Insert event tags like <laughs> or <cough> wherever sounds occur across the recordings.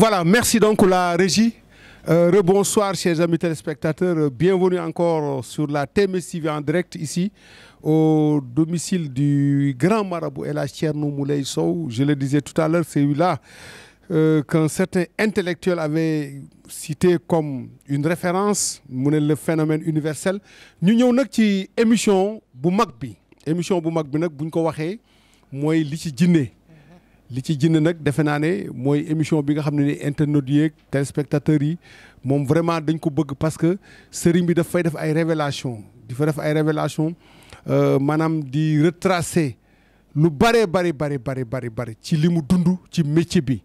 Voilà, merci donc la régie. Euh, rebonsoir chers amis téléspectateurs, bienvenue encore sur la TMS TV en direct ici au domicile du grand marabout El Hadj Thierno Mouleye Sow. Je le disais tout à l'heure, c'est lui-là euh, qu'un certain intellectuel avait cité comme une référence mu ne le phénomène universel. ñu ñëw nag ci émission bu mag bi émission bu mag bi nag bu ñu ko waxee mooy li ci jinne li ci jënd nag defe naa ne mooy émission bi nga xam ne ni internet yeeg téléspectateurs yi moom vraiment dañ ko bëgg parce que sëriñ bi daf fay def ay révélation di fa def ay révélation euh, maanaam di retracer lu bare bari bari bari bari bari ci li mu dund ci métier bi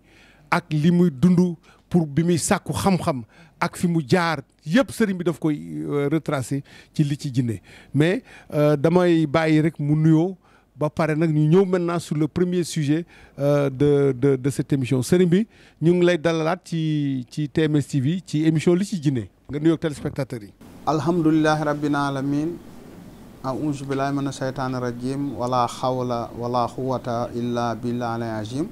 ak li muy dund pour bi muy sàkku xam-xam ak fi mu jaar yëpp sëriñ bi daf koy euh, retracer ci li ci jëndee mais euh, damay bàyyi rek mu nuyoo. ba pare nag ñu ñëw maintenant sur le premier sujet euh, de de de cette émission sëriñ bi ñu ngi lay dalalaat ci ci TMS TV ci émission li ci jinne nga nuyoog téléspectateurs yi. alhamdulilahi rabbil alamin auzu billahi mina shaytaani rajim wala xawla wala xuwata illa billahi azim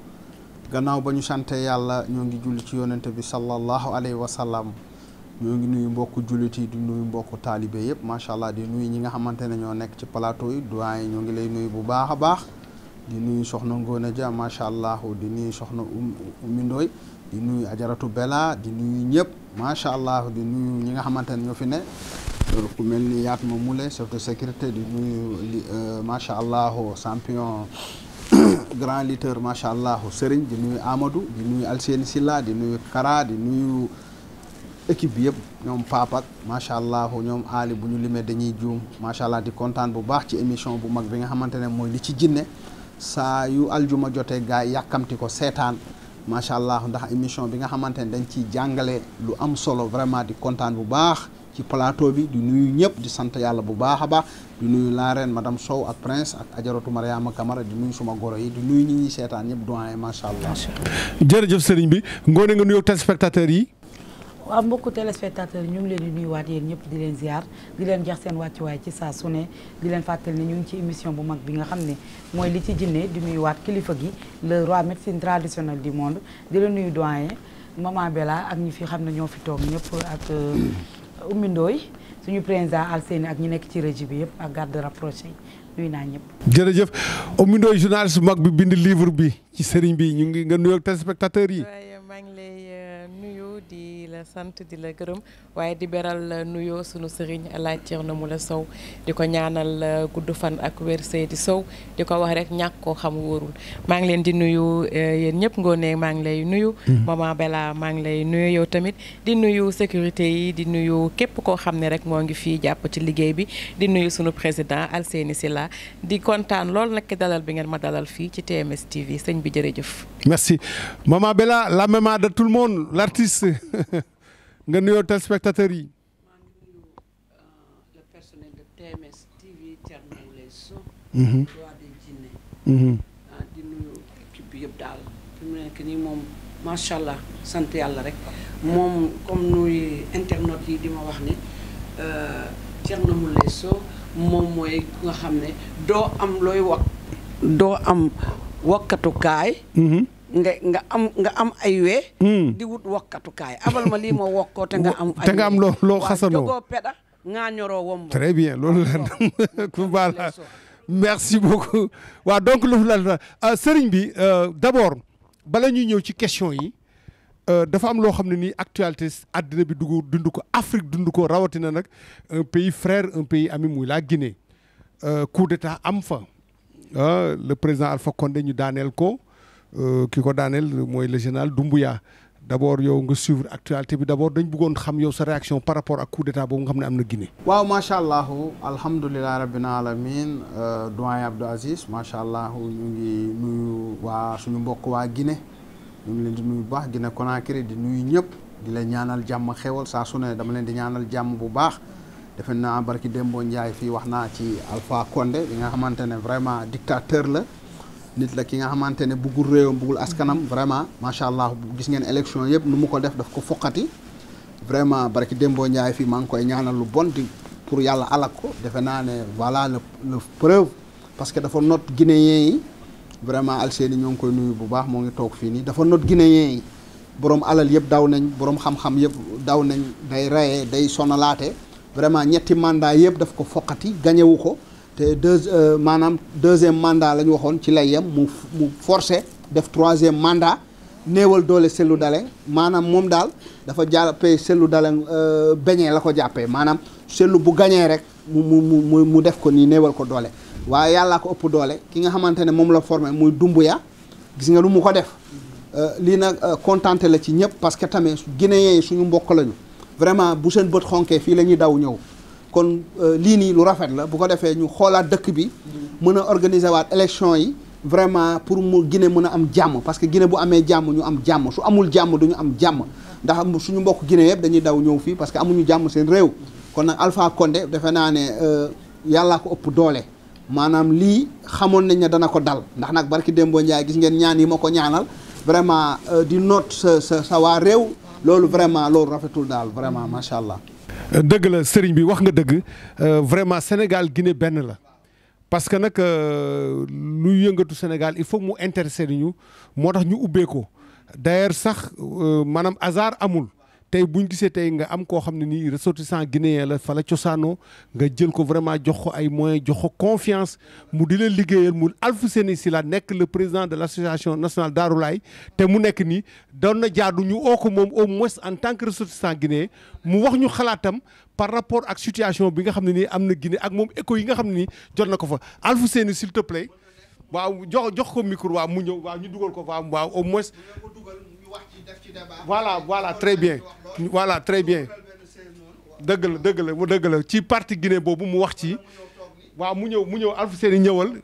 gannaaw ba ñu sante yàlla ñoo ngi julli ci yoonante bi sallallahu alayhi wa sallam ñoo ngi nuyu mbokk jullit yi di nuyu mbokku taalibe yëpp macha allah di nuy ñi nga xamante ne ñoo nekk ci plateau yi doyen ñoo ngi lay nuyu bu baax a baax di nuyu soxna Ngone Dia macha allah di nuyu soxna Oumy di nuyu ajaratu Bella di nuyu ñëpp macha allah di nuyu ñi nga xamante ne ñoo fi ne ku mel ni Yatma Moule chef de sécurité di nuyu macha allah champion grand macha allah Serigne di nuyu Amadou di nuyu Alseni Silla di nuyu Kara di nuyu. équipe bi yëpp ñoom papak macha allah ñoom Ali bu ñu limee dañuy juum macha allah di kontaan bu baax ci émission bu mag bi nga xamante ne mooy li ci jinne saa yu aljuma jotee gars yi yàkkamti ko seetaan macha allah ndax émission bi nga xamante ne dañ ciy jàngale lu am solo vraiment di kontaan bu baax ci plateau bi di nuyu ñëpp di sant yàlla bu baax a baax di laa la ma dam Sow ak prince ak ajaratu Mariama Kamara di nuyu suma goro yi di nuyu ñi ñuy ñëpp doyen macha allah. waaw mbokku téléspectateurs ñu ngi leen di nuyuwaat yéen ñëpp di leen ziar di leen jox seen wàccuwaay ci saa su ne di leen fàttali ne ñu ngi ci émission bu mag bi nga xam ne mooy li ci jinne di waat kilifa gi le roi médecine traditionnelle du monde di la nuyu doyen maman Bella ak ñi fi xam ne ñoo fi toog ñëpp ak euh, Oumy Ndoye suñu président Alseni ak ñi nekk ci régie bi yëpp ak garde rapproché nuyu naa ñëpp. jërëjëf Oumy Ndoye journaliste bu mag bi bind livre bi bi ñu ngi yi. maa ngi lay euh, nuyu di. la sant di la gërëm waaye di beral nuyoo sunu sëriñ na mu Moule Sow di ko ñaanal euh, gudd fan ak wér Seydi Sow di ko wax rek ñàkk koo xam wóorul maa ngi leen di nuyu euh, yéen ñëpp ngoonee maa ngi lay nuyu. Mm-hmm. maman Bella maa ngi lay nuyu yow tamit di nuyu sécurité yi di nuyu képp koo xam ne rek moo ngi fii jàpp ci liggéey bi di nuyu sunu président al Alseyni Silla di kontaan lool nag dalal bi ngeen ma dalal fii ci TMS TV sëñ bi jërëjëf. jëf <laughs> nga nuyoo téléspectateurs yi. maa ngi euh, le personnel de TMS TV Thierno Moule Sow. Mhm. roi mhm. ah, di nuyu yëpp daal fi nekk nii moom macha allah sant yàlla rek moom comme nuy internautes yi di ma wax ne euh, Thierno moom mooy nga xam ne doo am looy wax doo am wakkatukaay. Mhm. nga nga am nga am ay wee hmm. di wut wokkatukaay abal ma lii ma wokkoo te nga am te nga am loo loo xasanoo waaw peda ngaa ñoroo très bien loolu la <laughs> ku baal merci beaucoup waaw donc loolu la euh, sëriñ bi euh, d'abord bala ñuy ñëw ci question yi euh, dafa am loo xam ne nii actualité àddina bi dugg dund ko Afrique dund ko rawatina nag un pays frère un pays ami muy la Guinée coup d'état am fa ah, le président Alpha Condé ñu daaneel ko Euh, ki ko daaneel mooy le dumbu Doumbouya d' abord yow nga suivre actualité bi d' dañ bëggoon xam yow sa réaction par rapport ak coup d' état boobu nga xam ne am na Guinée. waaw macha allah alhamdulilah rabbil alamin euh, doyen Abdou Aziz macha allah ñu ngi nuyu waa suñu mbokk waa gine ñu ngi leen di nuyu bu baax Guinée Conakry di nuyu ñëpp di leen ñaanal jàmm xewal saa su dama leen di ñaanal jàmm bu baax. defe naa barki Dembo Ndiaye fii wax naa ci Alpha Condé bi nga xamante ne vraiment dictateur la. nit la ki nga xamante ne buggul réewam buggul askanam mhm. vraiment macha allah bu gis ngeen élection yëpp nu mu ko def daf ko foqati vraiment barki Dembo Ndiaye fii maa ngi koy ñaanal lu bon di pour yàlla alak ko defe naa ne voilà le le preuve parce que dafa not guinéen yi vraiment ni ñoo ngi koy nuyu bu baax moo ngi toog fii nii dafa not guinéen yi borom alal yëpp daw nañ borom xam-xam yëpp daw nañ day rayee day sonalaate vraiment ñetti mandat yëpp daf ko foqati gañewu ko. te deux euh, maanaam deuxième mandat la ñu waxoon ci lay yem mu mu forcé def troisième mandat néewal doole Cellou Dalein maanaam moom daal dafa jàppee Cellou Dalein euh, beñee la ko jàppee maanaam Cellou bu gañee rek mu mu mu mu def ko nii néewal ko doole waaye yàllaa ko ëpp doole ki nga xamante ne moom la formé muy Dumbuya gis nga lu mu ko def euh, lii nag contenté la ci ñëpp parce que tamit Guinéens yi suñu mbokk lañu vraiment bu seen bët xonkee fii la ñuy daw ñëw kon euh, lii nii lu rafet la bu ko defee ñu xoolaat dëkk bi mën a organiser waat élection yi vraiment pour mu Guinée mën a am jàmm parce que Guinée bu amee jàmm ñu am jàmm su amul jàmm du ñu am jàmm ndax suñu mbokk Guinée yëpp dañuy daw ñëw fii parce que amuñu jàmm seen réew kon nag Alpha konde defe naa ne euh, yàllaa ko ëpp doole maanaam lii xamoon nañ ne dana ko dal ndax nag barki Dembo Ndiaye gis ngeen ñaan yi ma ko ñaanal vraiment euh, di noot sa sa sa waa réew loolu vraiment loolu rafetul daal vraiment macha allah dëgg la sëriñ bi wax nga dëgg euh, vraiment Sénégal gine benn la parce que nag euh, luy yëngatu Sénégal il faut mu intéresser ñu moo tax ñu ubbee ko d'ailleurs sax euh, maanaam hasard amul. tey bu ñu gisee tey nga am koo xam ne nii ressortissant guinéen la fa la cosaanoo nga jël ko vraiment jox ko ay moyen jox ko confiance mu di la liggéeyal mu Alfousseyni Sylla nekk le président de l' association nationale Darou Laye te mu nekk nii doon na jaadu ñu oo ko moom au moins en tant que ressortissant guinéen mu wax ñu xalaatam par rapport ak situation bi nga xam ne nii am na Guinée ak moom écho yi nga xam ne nii jot na ko fa Alfousseyni s'il te plaît waaw jox jox ko micro waaw mu ñëw waaw ñu dugal ko waaw waaw au moins voilà voilà très bien voilà très bien dëgg la dëgg la mu dëgg la ci parti Guinée boobu mu wax ci waaw mu ñëw mu ñëw Alpha Séni ñëwal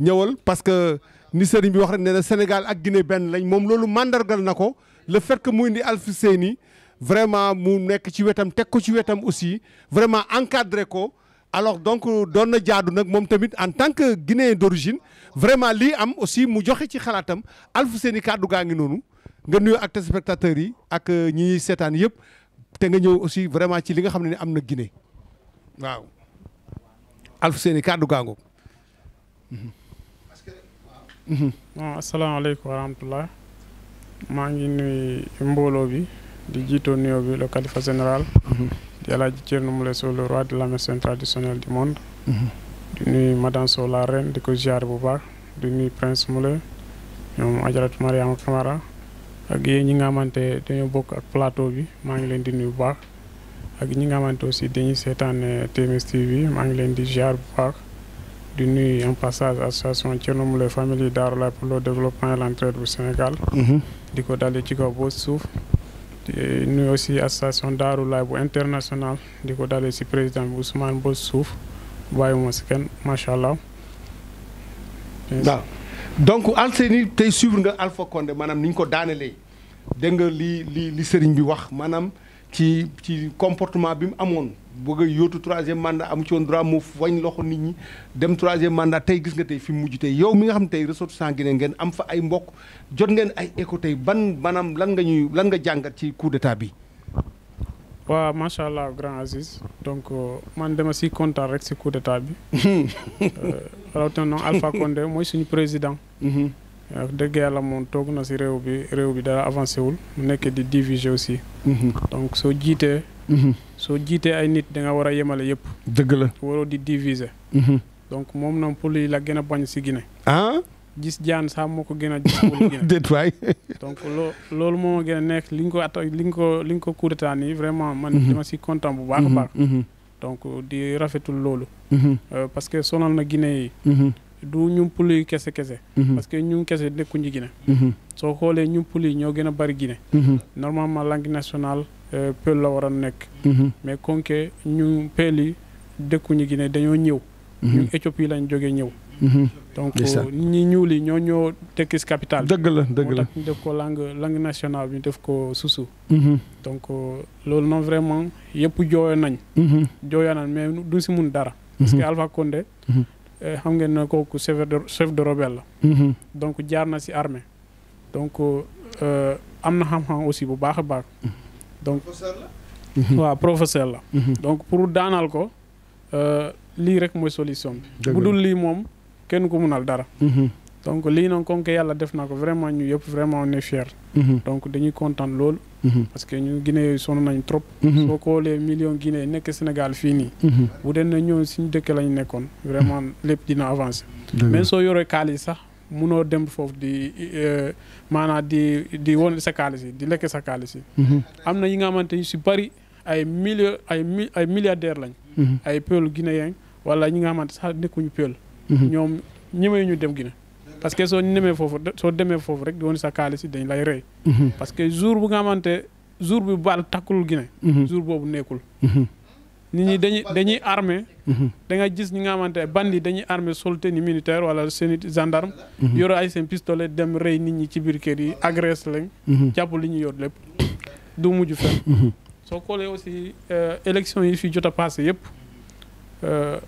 ñëwal parce que ni sëriñ bi wax rek nee na Sénégal ak Guinée benn lañ moom loolu mandargal na ko le fait que mu indi Alpha Séni vraiment mu nekk ci wetam teg ko ci wetam aussi vraiment encadré ko alors donc doon na jaadu nag moom tamit en tant que Guinéen d'origine vraiment lii am aussi mu joxe ci xalaatam Alpha Séni kàddu gaa ngi noonu nga nuyoo ak téléspectateurs yi ak euh, ñi seetaan yëpp te nga ñëw aussi vraiment ci li nga xam ne am na Guinée waaw. Alfousseyni kàddu gaango. bon mhm. ah, asalaamaaleykum wa rahmatulah. maa ngi nuyu mbooloo bi di jiitoo nuyoo bi le calife général. Mhm. di El Hadj Thierno Moule Sow le la médecine traditionnelle du monde. Mhm. di la reine di ko ziar bu baax di nuyu prince Moule ñoom ajaratu Mariama Camara. ak yéen ñi nga xamante dañoo bokk ak plateau bi maa ngi leen di nuyu bu baax ak ñi nga xamante aussi dañuy seetaan eh, TMS TV maa ngi leen di jaar bu baax di nuyu en passage association Thierno Moule Famille Darou Laye pour le développement et l'entraide bu Sénégal. Mm-hmm. di ko dalee ci kaw ba suuf. di nuyu aussi association Darou Laye bu international di ko dalee si président bu Ousmane ba suuf bàyyi ma si kenn macha allah. donc Alseyni tey suivre nga Alpha Condé maanaam ni ñu ko daanelee dégg nga li li li sëriñ bi wax maanaam ci ci comportement bi mu amoon bëgg yootu yóotu troisième mandat amu ci woon droit mu wañ loxo nit ñi dem troisième mandat tey gis nga tey fi mu mujj tey yow mi nga xam tey ressortissant Guinée ngeen am fa ay mbokk jot ngeen ay écho tey ban maanaam lan nga ñuy lan nga jàngat ci de d'état bi. waaw macha allah grand Aziz donc euh, man dama si kontaan rek si coup d'état bi <laughs> hmm. euh, rawatina noonu Alpha mooy suñu président wax mm-hmm. euh, dëgg yàlla moom toog na si réew bi réew bi dara avancé wul mu nekkee di diviser aussi mm-hmm. donc soo jiitee mm-hmm. soo jiitee ay nit danga war a yemale yëpp dëgg la waroo di diviser donc moom na pour lii la gën a bañ si Guinée ah gis jaan sax moo ko gën a gis. <laughs> déet waay donc loo loolu moo gën a nekk li ñu ko atta li ñu li ñu ko coup d'état nii vraiment man. Mhm. dama si content bu baax a baax. Mhm, mhm. di rafetul loolu. Euh, parce que sonal na Guinée yi. du ñu puli kese kese. parce que ñu kese nekkuñ ci Guinée. soo xoolee ñu puli ñoo gën a bari Guinée. normalement langue nationale euh, peul la war a nekk. mais comme que ñu peel yi dëkkuñu Guinée dañoo ñëw. ñu Éthiopie lañ jógee ñëw. donc euh, ñi ñuul yi ñoo ñoo tekkis capital. dëgg la dëgg la ñu def ko langue langue nationale bi ñu def ko susu. Mm-hmm. donc euh, loolu noonu vraiment yëpp jooyoon nañ. Mm-hmm. jooyoon nañ mais du si mun dara. Mm-hmm. parce que Alpha Condé. Eh, xam ngeen ne kooku chef de chef de la. donc jaar na si armée. donc euh, am na xam-xam aussi bu baax a baax. donc waaw professeur la. donc pour daanal ko lii rek mooy solution bi. bu dul lii moom. kenn ko munal dara mm-hmm. donc lii noonu comme que yàlla def na ko vraiment ñu yëpp vraiment on est fier mm-hmm. donc dañuy kontaan loolu mm-hmm. parce que ñu Guinée yooyu sonn nañ trop soo xoolee million Guinée nekk Sénégal fii nii bu dee na ñoo suñu dëkk lañ nekkoon vraiment lépp dina avancé mais soo yoree xaalis sax munoo dem foofu di euh, maanaa di di won sa xaalis yi di lekk sa xaalis am na yi nga xamante ñu si bari ay million ay ay milliardaire lañ ay peul guinéen wala ñi nga xamante sax nekkuñu peul Mhm. ñoom ñemee ñu dem Guinée parce que soo nemee foofu soo demee foofu rek doon sa kaalis yi dañ lay rey mhm. parce que jour bu nga xamante jour bi baal takkul Guinée mhm. jour boobu nekkul nit ñi dañuy dañuy armé nga gis ñi nga xamante bandi dañuy armé soldats ni militaire wala seen gendarme yore ay seen pistolet dem rey nit ñi ci biir kër yi agresse lañ jàpp li ñu yor lépp du mujj fenn soo xoolee aussi euh, élection yi fi jot a passé yëpp euh,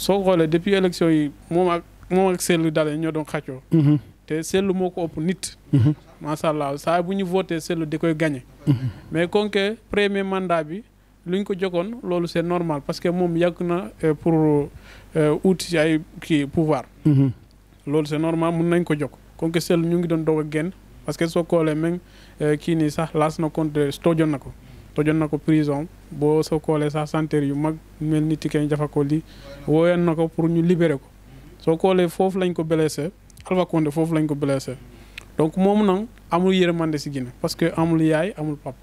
soo xoolee depuis élection yi moom ak moom ak Cellou Dalein ñoo doon xàccoo. Mhm. te Cellou moo ko ëpp nit. Mhm. macha allah saa bu ñu voté Cellou di koy gagné. Mhm. mais comme que premier mandat bi lu ñu ko jogoon loolu c' est normal parce que moom yàgg na euh, pour euh, ut ci ay kii pouvoir. loolu c' normal mun nañ ko jokk comme que Cellou ñu ngi doon doog génn parce que soo koolee même euh, kii nii sax laas na compte stojoon na ko. tojoon na ko prison boo soo koolee sax centre yu mag mel ni Tiken Jah Fakoly wooyoon na ko pour ñu libérer ko soo koolee foofu lañ ko blessé Alpha Condé foofu lañ ko blessé donc moom nag amul yërmande si Guinée parce que amul yaay amul pap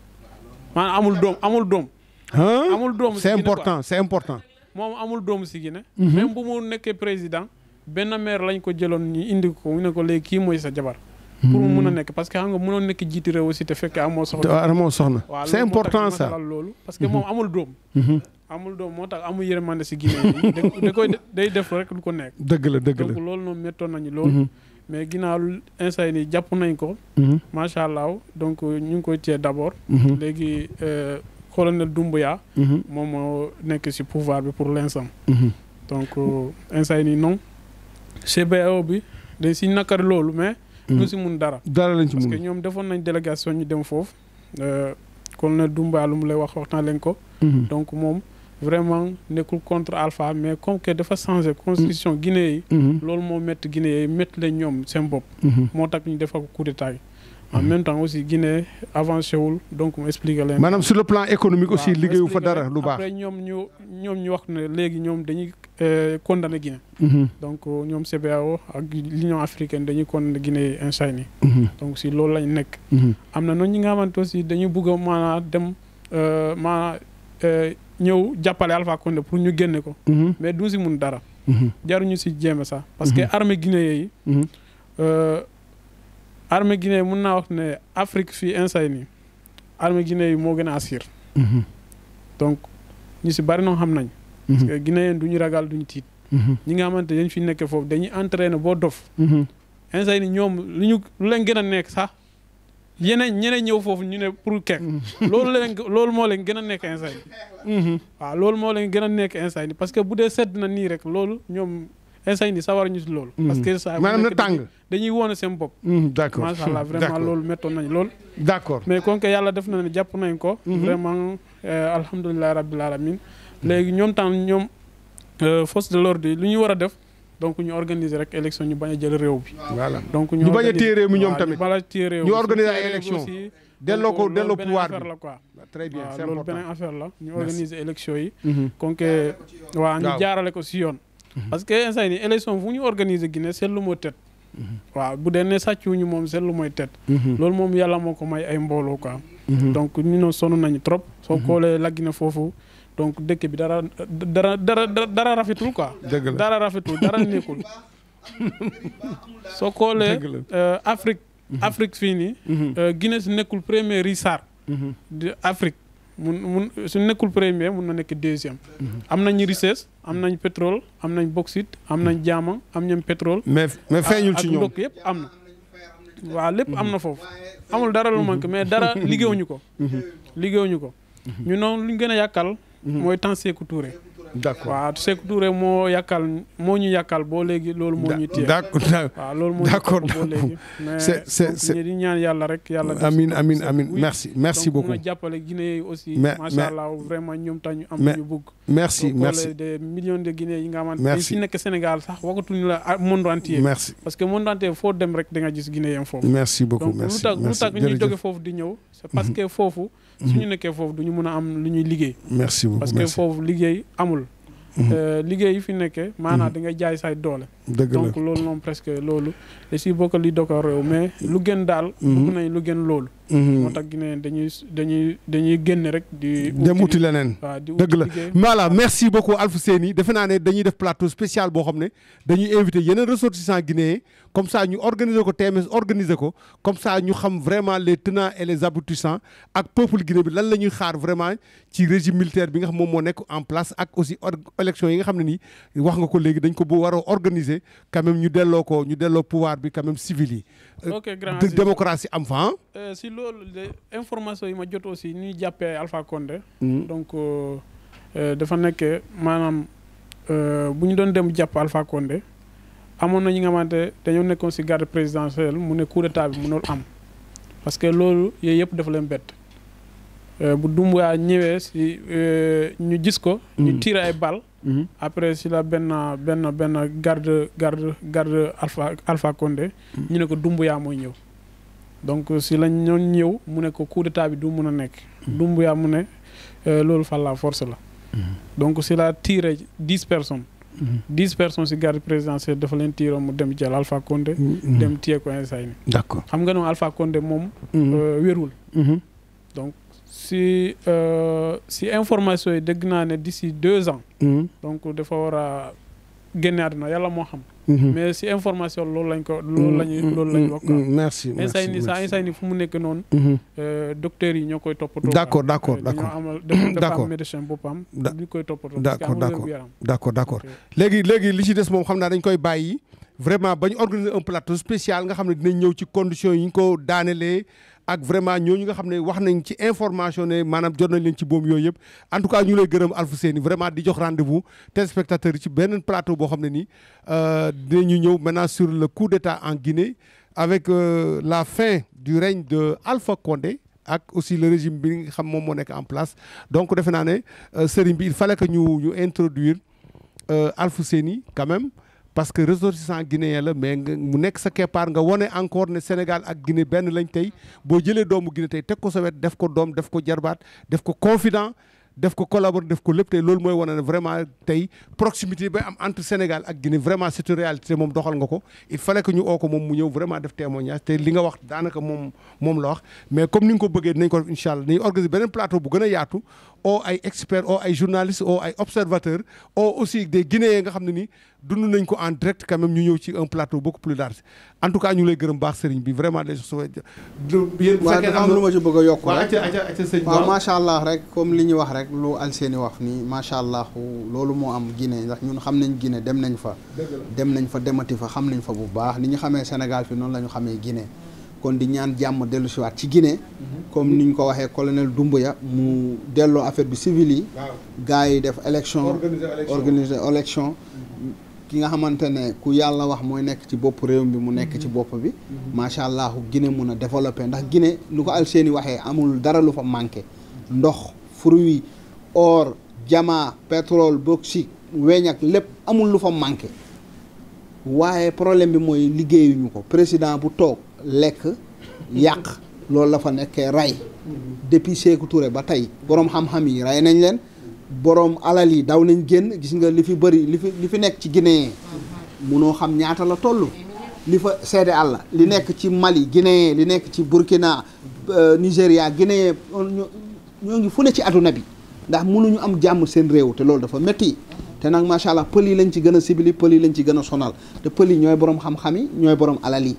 maanaam amul doom amul doom. amul doom c'est important c'est important. moom amul doom si Guinée. Mhm. même bu mu nekkee président benn maire lañ ko jëloon ñu indi ko ñu ne ko léegi kii mooy sa jabar. pour mu mën a hmm. nekk parce que xam nga mënoon nekk jiiti réew aussi te fekkee amoo soxna. amoo soxna c'est important ça loolu parce que moom hmm. amul doom. Hmm. amul doom moo tax amul yërmande si ginnaaw yi da koy day def rek lu ko nekk. dëgg la dëgg la donc loolu noonu méttoon nañu loolu. mais ginnaaw instant nii jàpp nañ ko. macha allah donc ñu ngi koy téye d'abord. léegi euh, colonel Doumbouya. moom moo nekk si pouvoir bi pour l'instant. donc euh, instant nii non CBAO bi dañ si nakar loolu mais. lu mm. si mun dara. dara lañ ci mun parce que ñoom defoon nañ délégation ñu dem foofu. Euh, colonel Dumba lu mu lay wax wax leen ko. Mm-hmm. donc moom vraiment nekkul contre Alpha mais comme que dafa changé constitution mm. Guinée yi. Mm-hmm. loolu moo métti Guinée yi métti leen ñoom seen bopp. Mm-hmm. moo tax ñu defa ko coup d'état yi en même temps aussi Guinée avancé wul donc mu expliqué leen. maanaam sur le plan économique aussi liggéeyu fa dara lu baax. après ñoom ñu ñoom ñu wax ne léegi ñoom dañuy Euh, condamné Guinée. Mhm. donc euh, ñoom CBAO ak l'Union africaine dañuy condamné Guinée instant nii. Mhm. donc si loolu lañ nekk. Mhm. am na noonu ñi nga xamante aussi dañu bugg a dem euh, maanaa ñëw jàppale Alpha Condé pour ñu génne ko. mais du si mun dara. jaruñu si jéeme sax. parce que armée Guinée yi. armée Guinée mun naa wax ne Afrique fii instant nii armée Guinée yi moo gën a assir donc ñu si bari noonu xam nañ. parce mhm. que guinéen du ñu ragal du ñu tiit. Mhm. ñi nga xamante dañ fi nekkee foofu dañuy na boo dof. Mhm. instant ni ñoom lu ñu leen gën a nekk sax yeneen ñeneen ñëw foofu ñu ne pour kek <laughs> loolu leen loolu moo leen gën a nekk instant yi loolu moo leen gën a nekk instant yi parce que bu dee sedd na nii rek loolu ñoom instant yi sawar ñu si loolu. parce que saa maanaam na tàng dañuy woon seen bopp. d' accord macha allah vraiment loolu méttoon nañ lool. d' accord mais kon que yàlla def na ne jàpp nañ ko. vraiment euh, alhamdulilah rabbil alamin léegi ñoom tam ñoom euh, force de l'ordre yi lu ñu war a def donc ñu organiser rek élection ñu bañ a jël réew bi voilà donc ñu bañ a téye réew mi ñoom tamit ñu organiser ay élection delloo ko delloo pouvoir bi quoi très bien c'est important loolu affaire la ñu organiser élection yi mhm. kon que waaw ñu jaarale ko si yoon mhm. parce que instant yii nii élection fu ñu organiser Guinée seetlu moo mhm. waaw bu dee ne sàccuñu moom seetlu mooy tët loolu moom yàlla moo ko may ay mbooloo ko donc ñu no sonn nañu trop soo xoolee la Guinée foofu donc dëkk bi dara dara dara dara rafetul quoi. dara rafetul dara nekkul. soo koolee euh, Afrique. Mhm. Afrique fii nii. Mhm. Euh, Guinée su nekkul premier risar. Mhm. de Afrique mun mun su nekkul premier mun na nekk deuxième. am nañ richesse am nañ pétrole am nañ bauxite am nañ jaama am nañ pétrole. mais mais feeñul ah, ci ñoom ak ndox yëpp am na. waaw lépp am na foofu amul dara lu manqué mais dara liggéewuñu ko. liggéeyuñu ko ñu noonu luñ gën a yàkkal. Mhm. mooy temps Sékou Touré. d' accord waaw moo yàkkal moo ñu yàkkal boo léegi loolu moo ñu téye. d' accord waaw loolu moo ñu yàkkal boo léegi. ñaan yàlla rek yàlla. amin amin amiin merci merci beaucoup. jàppale Guinée yi mais mais macha vraiment ñoom tam ñu am ñu merci merci des millions de Guinéens yi nga xamante ne fi nekk Sénégal sax waxatuñu la ah, monde entier. merci parce que monde entier foo dem rek da nga gis Guinéen foofu. merci donc lu tax lu tax ñuy jóge foofu di ñëw. c'est parce mhm. que foofu. suñu mhm. nekkee foofu du ñu mën a am lu ñuy liggéey. merci beaucoup parce que foofu liggéey amul. Mhm. Euh, liggéey yi fi nekke maanaam mhm. da nga jaay say doole donc loolu moom presque loolu da si bokk li doka réew mais lu gën daal mhm. bëgg nañ lu gën loolu moo tax gi dañuy dañuy dañuy génn rek di dem uti leneen waaw di dëgg la voilà merci beaucoup Alfousseyni defe naa ne dañuy def plateau spécial boo xam ne dañuy invité yeneen ressortissants ginee comme ça ñu organiser ko TMS organiser ko comme ça ñu xam vraiment les tenants et les aboutissants ak peuple Guinée bi lan la ñuy xaar vraiment ci régime militaire bi nga xam moom moo nekk en place ak aussi élection yi nga xam ne nii wax nga ko léegi dañ ko bu war a organiser quand ñu delloo ko ñu delloo pouvoir bi quand même civil yi. Euh, ok grand démocratie am fa euh, si loolu de information yi ma jot aussi ñuy jàppee Alpha Condé. Mm. donc euh, dafa nekk maanaam bu ñu doon dem jàpp Alpha amoon na ñi nga xamante dañoo nekkoon si garde présidentielle mu ne coup d'état bi mënul am parce que loolu yooyu yëpp dafa leen bett euh, bu Dumbuya ñëwee si euh, ñu gis ko. ñu mm-hmm. tiir ay bal. Mm-hmm. après si la benn benn benn garde garde garde Alpha Alpha Condé. Mm-hmm. ñu ne ko dumbu yaa mooy ñëw. donc si lañ ñoon ñëw mu ne ko coup d'état bi du mun a nekk. yaa mu ne euh, loolu fan la force la. donc si la tiire dix personnes. dix personnes si garde présidentielle dafa leen tiiroo mu dem jël Alpha Condé. Mm-hmm. dem téye ko insay ni d'accord xam nga ne Alpha Condé moom. Mm-hmm. Euh, wérul. Mm-hmm. donc si euh, si information yi dégg naa ne d'ici deux ans. donc dafa war a génne yàlla moo xam. Mm-hmm. mais si information loolu lañ ko loolu mm-hmm. lañu loolu lañ wax mm-hmm. merci insay ni sa fu mu nekk noonu euh, docteurs yi ñoo koy toppatoo d'accord d'accord euh, d'accord amal <coughs> koy toppatoo d'accord d'accord d'accord d'accord léegi léegi li ci des moom xam naa dañ koy bàyyi vraiment ba ñu organiser un plateau spécial nga xam ne dinañ ñëw ci conditions yi ñu ko daanelee ak vraiment ñooñu nga xam ne wax nañ ci information ne maanaam jot nañ leen ci boom yooyu yëpp en tout cas ñu lay gërëm Alfousseyni vraiment di jox rendez-vous téléspectateurs yi ci benn plateau boo xam ne nii euh, ñu ñëw maintenant sur le coup d'état en Guinée avec euh, la fin du règne de Alpha Condé ak aussi le régime bi nga xam moom moo nekk en place donc defe naa ne euh, sëriñ bi il fallait que ñu ñu introduire Alfousseyni seeni même parce que ressortissant guinéen la mais mu nekk sa keppaar nga wone encore ne Sénégal ak Guinée benn lañ tey boo jëlee doomu Guinée tey teg ko sa def ko doom def ko jarbaat def ko confident def ko collaborer def ko lépp tey loolu mooy wane ne vraiment tey proximité ba am entre Sénégal ak Guinée vraiment c'est réalité moom doxal nga ko il fallait que ñu oo ko moom mu ñëw vraiment def témoignage te li nga wax daanaka moom moom la wax mais comme ni nga ko bëggee dinañ ko def incha allah dañuy organiser beneen plateau yaatu oo ay experts oo ay journalistes oo ay observateurs oo aussi des Guinéens nga xam ne ni dund nañ ko en direct quand même ñu ñëw ci un plateau beaucoup plus large en tout cas ñu lay gërëm baax sëriñ bi vraiment day so yéen bu bëgg yokk rek waaw macha allah rek comme li ñu wax rek loo lu Alseeni wax nii macha allah loolu moo am Guinée ndax ñun xam nañ Guinée dem nañ fa dem nañ fa demati fa xam nañ fa bu baax ni ñu xamee Sénégal fi noonu la ñu xamee Guinée kon di ñaan jàmm dellu siwaat ci Guinée mhm. comme ni ko waxee colonel Doumbouya mu delloo affaire bi civil yi gars yi def élection organiser élection mhm. ki nga xamante ne ku yàlla wax mooy nekk ci bopp réew mi mu nekk ci mhm. bopp bi macha allah Guinée mun a développé ndax gine nu ko al Alseyni waxee amul dara lu fa manqué ndox fruit or jamaa pétrole bauxite weñ ak lépp amul lu fa manqué waaye problème bi mooy liggéeyuñu ko président bu toog lekk yàq loolu la fa nekkee rey depuis Sékou Touré ba tey boroom xam-xam yi rey nañ leen boroom alal yi daw nañ génn gis nga li fi bëri li fi li fi nekk ci Guinée munoo xam ñaata la toll li fa seede àlla li nekk ci Mali Guinée li nekk ci Burkina euh, Nigéria Guinée ñoo ngi fu ne ci adduna bi ndax mënuñu am jàmm seen réew te loolu dafa métti te nag macha allah pël yi lañ ci gën a sibili pël yi lañ ci gën a sonal te pël yi ñooy boroom xam-xam yi ñooy boroom alal yi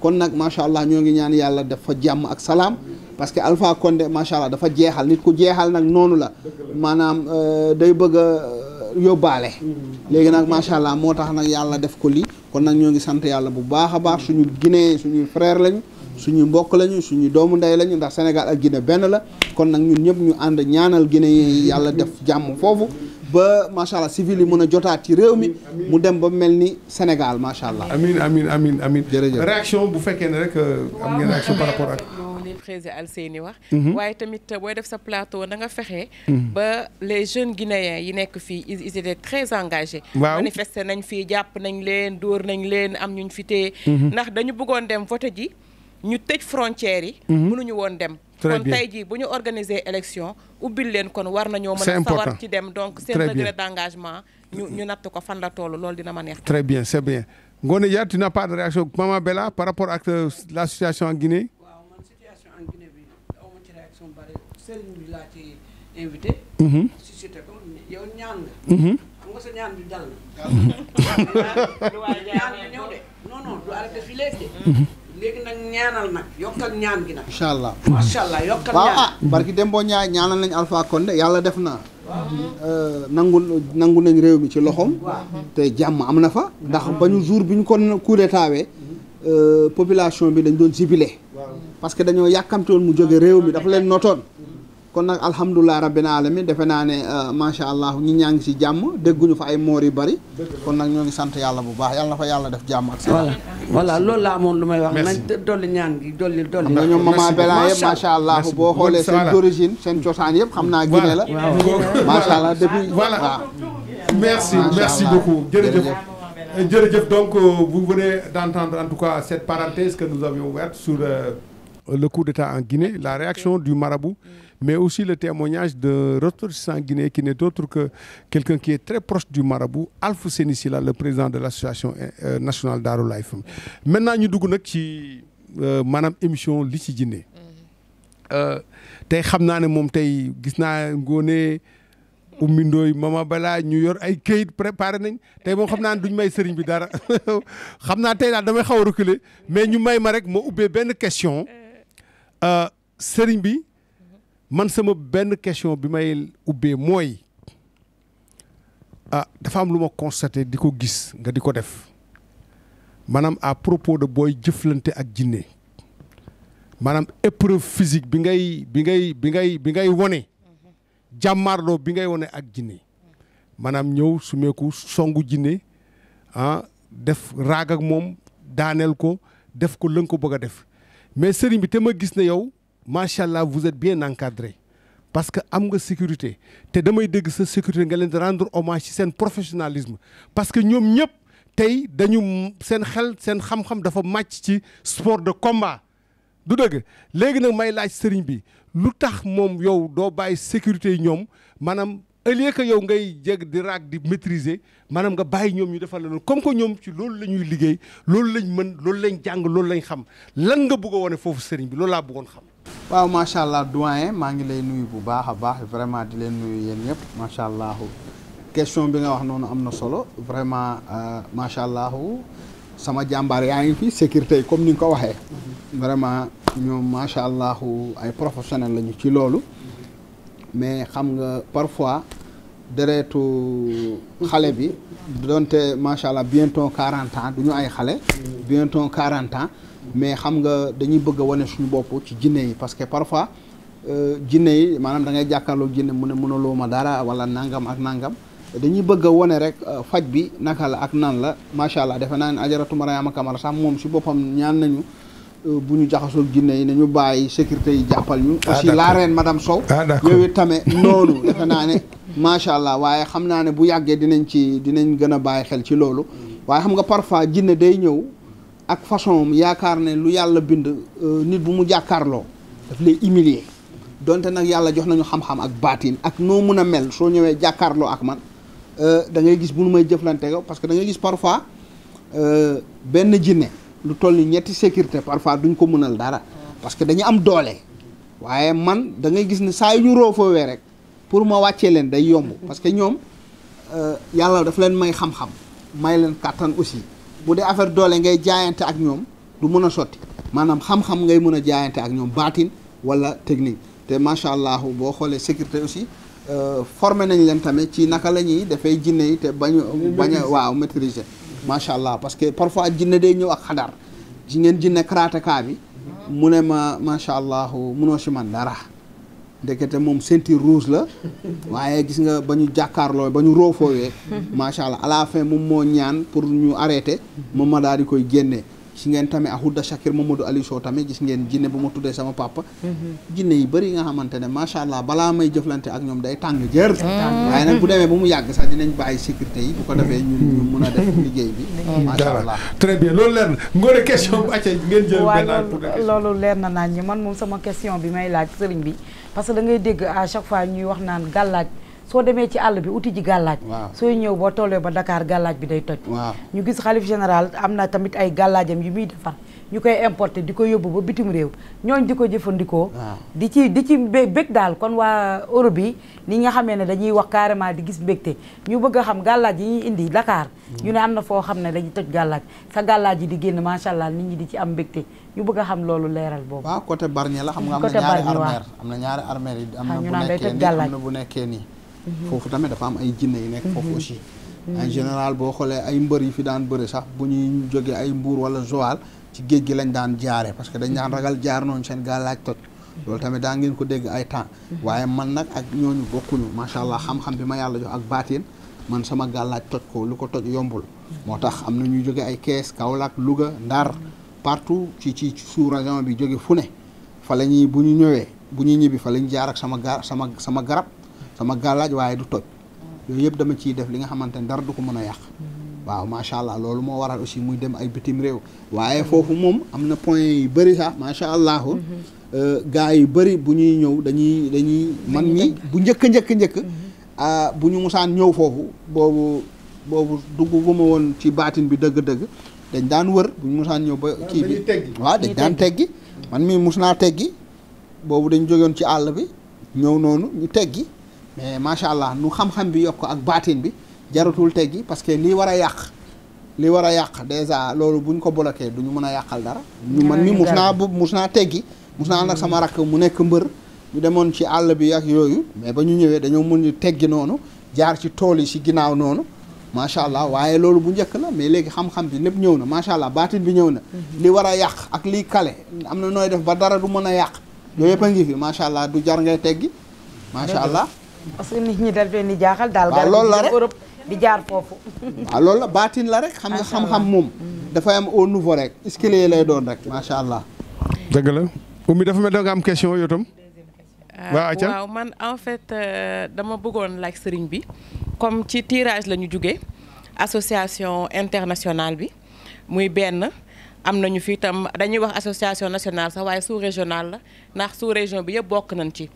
kon nag macha allah ñoo ngi ñaan yàlla def fa jàmm ak salaam parce que Alpha Condé macha allah dafa jeexal nit ku jeexal nag noonu la maanaam euh, day bëgg a euh, yóbbaale. Mm-hmm. léegi nag macha allah moo tax nag yàlla def ko lii kon nag ñoo ngi sant yàlla bu baax a baax suñu Guinée suñuy frère lañu. suñu mbokk lañu suñu doomu ndey lañu ndax Sénégal ak gine benn la kon nag ñun ñëpp ñu ànd ñaanal gine yi yàlla def jàmm foofu. ba macha allah civil yi mën a jotaat ci réew mi mu dem ba mel ni Sénégal macha allah. amiin amiin amiin amiin jërëjëf réaction bu fekkee ne rek euh, am ngeen réaction par rapport ak. président Alseyni wax mhm. waaye tamit euh, booy def sa plateau na nga fexe mhm. ba les jeunes guinéens yi nekk fii ils étaient très engagés manifesté nañ fii jàpp nañ leen dóor nañ leen am ñuñ fi téye mhm. ndax dañu bëggoon dem vote ji ñu tëj frontières yi mënuñu woon dem très bien kon bu ñu organiser élection ubbil leen kon war nañoo mën a sawar ci dem donc seen degré d'engagement ñu natt ko fan la toll loolu dina ma neex très bien c'est bien Ngoné na tu n'as de réaction Maman Bella par rapport ak euh, la situation en Guinée bi dal na mhm. <laughs> non non du arrêté fi léegi léegi nag ñaanal nag yokkal ñaan gi nag. incha allah macha allah yokkal ñaan waaw ah barki dem boo ñaay ñaanal nañ Alpha Condé yàlla def na. nangu euh, nangu nañ réew mi ci loxoom. te jàmm am na fa. ndax ba ñu jour bi ñu ko coup d'état wee euh, population bi dañ doon jubilé. parce que dañoo yàkkamte woon mu jóge réew mi dafa leen notoon. kon nag alhamdulilah rabbil alamin defe naa ne euh, macha allah ñi ñaa ngi si jàmm dégguñu fa ay moor yu bari kon nag ñoo ngi sant yàlla bu baax yàlla na fa yàlla def jàmm ak salaam voilà loolu laa amoon lu may wax nag dolli ñaan gi dolli dolli nga ñoom macha allah boo xoolee seen d'origine seen cosaan yëpp xam naa Guinée la macha allah depuis voilà merci merci beaucoup jërëjëf jërëjëf donc euh, vous venez d'entendre en tout cas cette parenthèse que nous avions ouverte sur euh, le coup d'état en Guinée la réaction du marabout mais aussi le témoignage d'un ressortissant guinéen qui n'est autre que quelqu'un qui est très proche du marabout Alpha Séni Sylla le président de l'association euh, euh, nationale Darou Laye Famille maintenant ñu dugg nag ci euh, maanaam émission li ci jinne mhm. tey xam naa ne moom tey gis naa ngóone Oumy Ndoye Mama Bala ñu yor ay këyit préparé nañ tey moom xam naa ne duñ may sëriñ bi dara <laughs> xam naa tey daal damay xaw a reculer mais ñu may ma rek moo ubbee benn question sëriñ bi man sama benn question bi may ubbee mooy ah dafa am lu ma constaté di ko gis nga di ko def maanaam à propos de booy jëflante ak jinne maanaam épreuve physique bi ngay bi ngay bi ngay bi ngay wone jàmmaarloo bi ngay wone ak jinne maanaam ñëw sumeeku songu jinne ah def raag moom daaneel ko def ko lën ko bëgg a def mais sëriñ bi te ma gis ne yow macha allah vous êtes bien encadré parce que am nga sécurité te damay dégg sa sécurité nga leen di rendre hommage ci seen professionnalisme parce que ñoom ñëpp tey dañu seen xel seen xam-xam dafa màcc ci sport de combat du dëgg léegi nag may laaj sëriñ bi lu tax moom yow doo bàyyi sécurité yi ñoom maanaam au lieu que yow ngay jeg di raag di maîtriser maanaam nga bàyyi ñoom ñu defal la loolu comme que ñoom ci loolu la ñuy liggéey loolu lañ mën loolu lañ jàng loolu lañ xam lan nga bëgg a wane foofu bi loolu laa bëggoon xam waaw macha allah doyen maa ngi lay nuyu bu baax a baax vraiment di leen nuyu yéen ñëpp macha allah question bi nga wax noonu am na solo vraiment euh, macha allah sama jàmbaar yaa ngi fi sécurité comme ni nga ko waxee. vraiment ñoom macha allah ay professionnels lañu ci loolu. mais xam nga parfois deretu xale bi donte macha allah bienton 40 ans du ñu ay xale. bientôt quarante ans. mais xam nga dañuy bëgg a wane suñu bopp ci jinne yi parce que parfois euh, jinne yi maanaam da ngay jàkkaarloo jinne mu ne mënaloo ma dara wala nangam ak nangam dañuy bëgg a wane rek euh, faj bi naka la ak nan la macha allah defe naa ne ajaratu a Kamara sax moom si boppam ñaan nañu euh, bu ñu jaxasoo jinne yi nañu bàyyi sécurité yi jàppal ñu ah, aussi la reine madame Sow ah, yow it tamit noonu defe naa ne macha allah waaye xam naa ne bu yàggee dinañ ci dinañ gën a bàyyi xel ci loolu mm. waaye xam nga parfois jinne day ñëw ak façon yaakaar ne lu yàlla bind euh, nit bu mu jàkkaarloo daf lay humilier donte nag yàlla jox nañu xam-xam ak baatin ak noo mun a mel soo ñëwee jàkkaarloo ak man euh, da ngay gis bu nu may jëflante ko parce que da ngay gis parfois euh, benn jinne lu toll ni ñetti sécurité parfois duñ ko mënal dara parce que dañu am doole waaye man da ngay gis ne saa yu ñu roofoowee rek pour ma wàccee leen day yomb parce que ñoom yàlla daf leen may xam-xam may leen kàttan aussi bu dee affaire doole ngay jaayante ak ñoom du mën a sotti maanaam xam-xam ngay mën a jaayante ak ñoom baatin wala technique te macha allah boo xoolee sécurité aussi euh, formé nañ leen tamit ci naka la ñuy dafay jinne yi te bañ bañ a waaw maîtriser macha allah parce que parfois jinne day ñëw ak xadar ji ngeen jinne karateka bi mm-hmm. mu ne ma macha allah munoo si man dara ndekete moom ceinture rouge la waaye gis nga ba ñu jàkkaarloo ba ñu roofoowee macha allah la fin moom moo ñaan pour ñu arrêté moom ma daal di koy génne si ngeen tamit ahudda Shakir Mamadou Aliou Sow tamit gis ngeen jinne bu ma tuddee sama papa jinne yi bëri nga xamante ne macha allah balaa may jëflante ak ñoom day tàng jër waaye nag bu demee ba mu yàgg sax dinañ bàyyi sécurité yi bu ko defee ñu ñu mun a def liggéey bi macha allah très bien loolu leer bi may laaj sëriñ parce que da ngay dégg à chaque fois ñuy wax naan gàllaaj soo demee ci àll bi uti ji gàllaaj sooy ñëw boo tollee ba Dakar gàllaaj bi day toj ñu gis xalif général am na tamit ay gàllaajam yu muy defar ñu koy importer di ko yóbbu ba bitim réew ñooñ di ko jëfandikoo di ci di ci bég daal kon waa Europe yi ni nga xamee ne dañuy wax carrément di gis mbégte ñu bëgg a xam gàllaaj yi ñuy indi Dakar mm. ñu ne am na foo xam ne dañuy toj gàllaaj sa gàllaaj yi di génn macha allah nit ñi di ci am mbégte ñu bëgg a xam loolu leeral boobu. waaw côté Bargny la xam nga am na ñaari armeer ah, am na bu nekkee nii mhm. foofu tamit dafa am ay jinne yi nekk mhm. foofu aussi mhm. en général boo xoolee ay mbër yi fi daan bëri sax bu ñuy jógee ay mbuur wala Joal ci géej gi lañ daan jaare parce que dañ daan ragal jaar noonu seen gàllaaj toj loolu tamit daa ngeen ko dégg ay temps waaye man nag ak ñooñu bokkuñu macha allah xam-xam bi ma yàlla jox ak baatin man sama gàllaaj toj ko lu ko toj yombul moo tax am na ñuy jóge ay kees Kaolack Louga Ndar partout ci ci sous région bi jóge fu ne fa la ñuy bu ñu ñëwee bu ñuy ñibbi fa la ñu jaar ak sama gar sama sama garab sama gàllaaj waaye du toj yooyu yëpp dama ciy def li nga xamante ne dara du ko mën a yàq waaw macha allah loolu moo waral aussi muy dem ay bitim réew waaye foofu moom am na point yu bëri sax macha allah mhm. euh, gars yu bëri bu ñuy ñëw dañuy dañuy man mi bu njëkk njëkk njëkk mhm. ah, bu ñu musaan ñëw foofu boobu boobu dugg bu ma woon ci baatin bi dëgg-dëgg dañ daan wër bu ñu mosaan ñëw ba kii bi waaw dañ daan teggi man mii mos naa teggi boobu dañ jógoon ci àll bi ñëw noonu ñu teggi mais macha allah nu xam-xam bi yokk ak baatin bi jaratul teggi parce que lii war a yàq li war a yàq dèjà loolu buñ ko bloqué du ñu mën a yàqal dara man mi mus naa bu mus naa teggi mus naa ànd ak sama rakk mu nekk mbër ñu demoon ci àll bi ak yooyu mais ba ñu ñëwee dañoo mën ñu teggi noonu jaar ci tool yi si ginnaaw noonu macha allah waaye loolu bu njëkk la mais léegi xam-xam bi lépp ñëw na macha allah baatin bi ñëw na. Mhm. li war a yàq ak liy kale am na nooy def ba dara du mën a yàq. yooyu yëpp a ngi fi macha allah du jar ngay teggi. macha allah parce que nit ñi daf daal. loolu la rek Europe di jaar foofu. waaw xam nga xam moom. Mhm. dafay am au nouveau rek escalier lay doon rek macha allah. dëgg la Oumy dafa mel da nga am question yow itam. Euh, waaw man en fait euh, dama bëggoon laaj sëriñ bi. comme ci tirage la ñu jugee association international bi muy benn am nañu fi tam dañuy wax association nationale sax waaye sous régionale la ndax sous région bi yëpp bokk nañ ci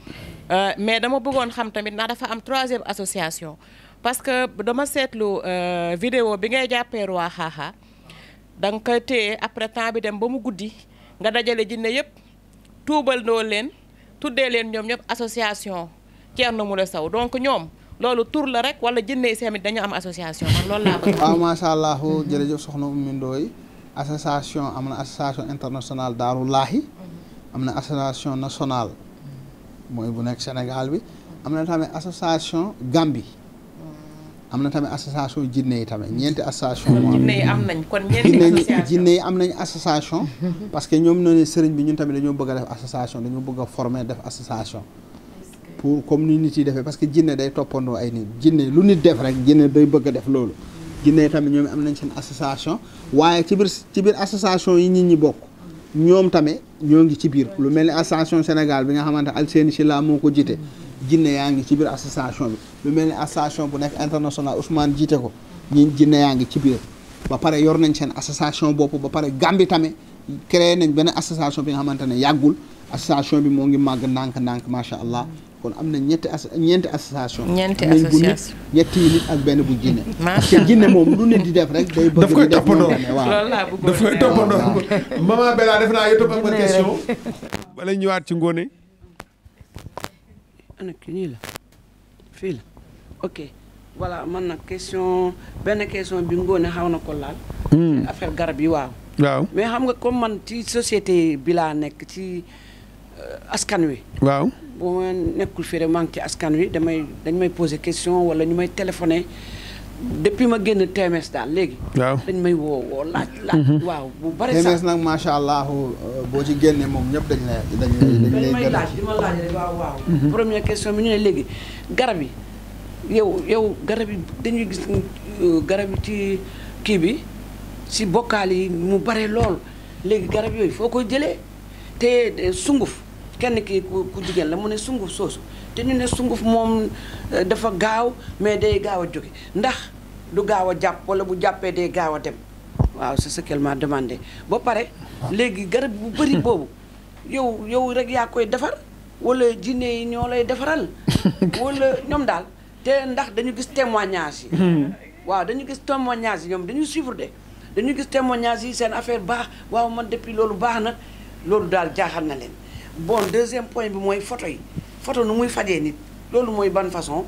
euh, mais dama bëggoon xam tamit ndax dafa am troisième association parce que dama seetlu euh, video bi ngay jàppee waa xaaxaa da nga koy téye après temps bi dem ba mu guddi nga dajale jinne yëpp tuubal noo leen tuddee leen ñoom ñëpp association na Thierno Moule saw donc ñoom loolu tur la rek wala jëndee si tamit dañu am association man loolu laa bëgg. waaw macha allah jërëjëf soxna Oumy Ndoye association am na association internationale Daaru Laahi am na association nationale mooy bu nekk Sénégal bi am na tamit association Gambie am na tamit association jinne yi tamit ñeenti association jinne yi am nañ kon ñeenti am nañ association parce que ñoom ñoo ne sëriñ bi ñun tamit dañoo bëgg a def association dañoo bëgg a former def association pour comme ni nit yi defee parce que jinne day toppandoo ay nit jinne lu nit def rek jinne day bëgg a def loolu jinne tamit ñoom am nañ seen association waaye ci biir association yi nit ñi bokk ñoom tamit ñoo ngi ci biir lu mel ni association Sénégal bi nga xamante si laa moo ko jiite jinne yaa ngi ci biir association bi lu mel ni association bu nekk international Ousmane jiite ko ñi jinne yaa ngi ci biir ba pare yor nañ seen association bopp ba pare Gambie tamit créé nañ benn association bi nga xamante ne yàggul association bi moo ngi màgg ndànk-ndànk macha allah kon am na ñetti as ñeenti association. ñeenti association ñetti nit ak benn bu jinne. <laughs> macha allah te jinne moom lu nit di def rek. day bëgg di ñëwaat ci ngóone. man nag question benn question bi ngóone xaw na ko laal. Hmm. affaire garab yi waaw. mais xam nga comme man ci société bi laa nekk ci euh, askan wi. bu ma nekkul fii rek maa ngi ci askan wi damay dañ may poser question wala ñu may téléphoné depuis ma génn TMS daal léegi. waaw dañ may woo woo laaj. laaj mhm. waaw bu bari sax TMS nag macha allah euh, boo ci génnee moom ñëpp dañ lay. dañ lay dañ may laaj di ma laaj rek waaw waaw. Mhm. première question bi ñu ne léegi garab yi yow yow garab yi dañuy gis euh, garab yi ci kii bi si bokkaal yi mu bare lool léegi garab yooyu foo koy jëlee te sunguf. kenn ki ku jigéen la mu ne sunguf soosu te ñu ne sunguf moom euh, dafa gaaw mais day gaaw a jóge ndax du gaaw a jàpp wala bu jàppee day gaaw a dem waaw c'est ce qu'elle m'a demandé ba pare léegi garab bu bëri <laughs> boobu yow yow rek yaa koy defar wala jinne yi ñoo lay defaral <laughs> wala ñoom daal te ndax dañu gis témoignage yi hmm. waaw dañu gis témoignage yi ñoom dañu suivre de dañu gis témoignage yi seen affaire baax waaw man depuis loolu baax na loolu daal jaaxal na leen bon deuxième point bi mooy photo yi photo nu muy fajee nit loolu mooy ban façon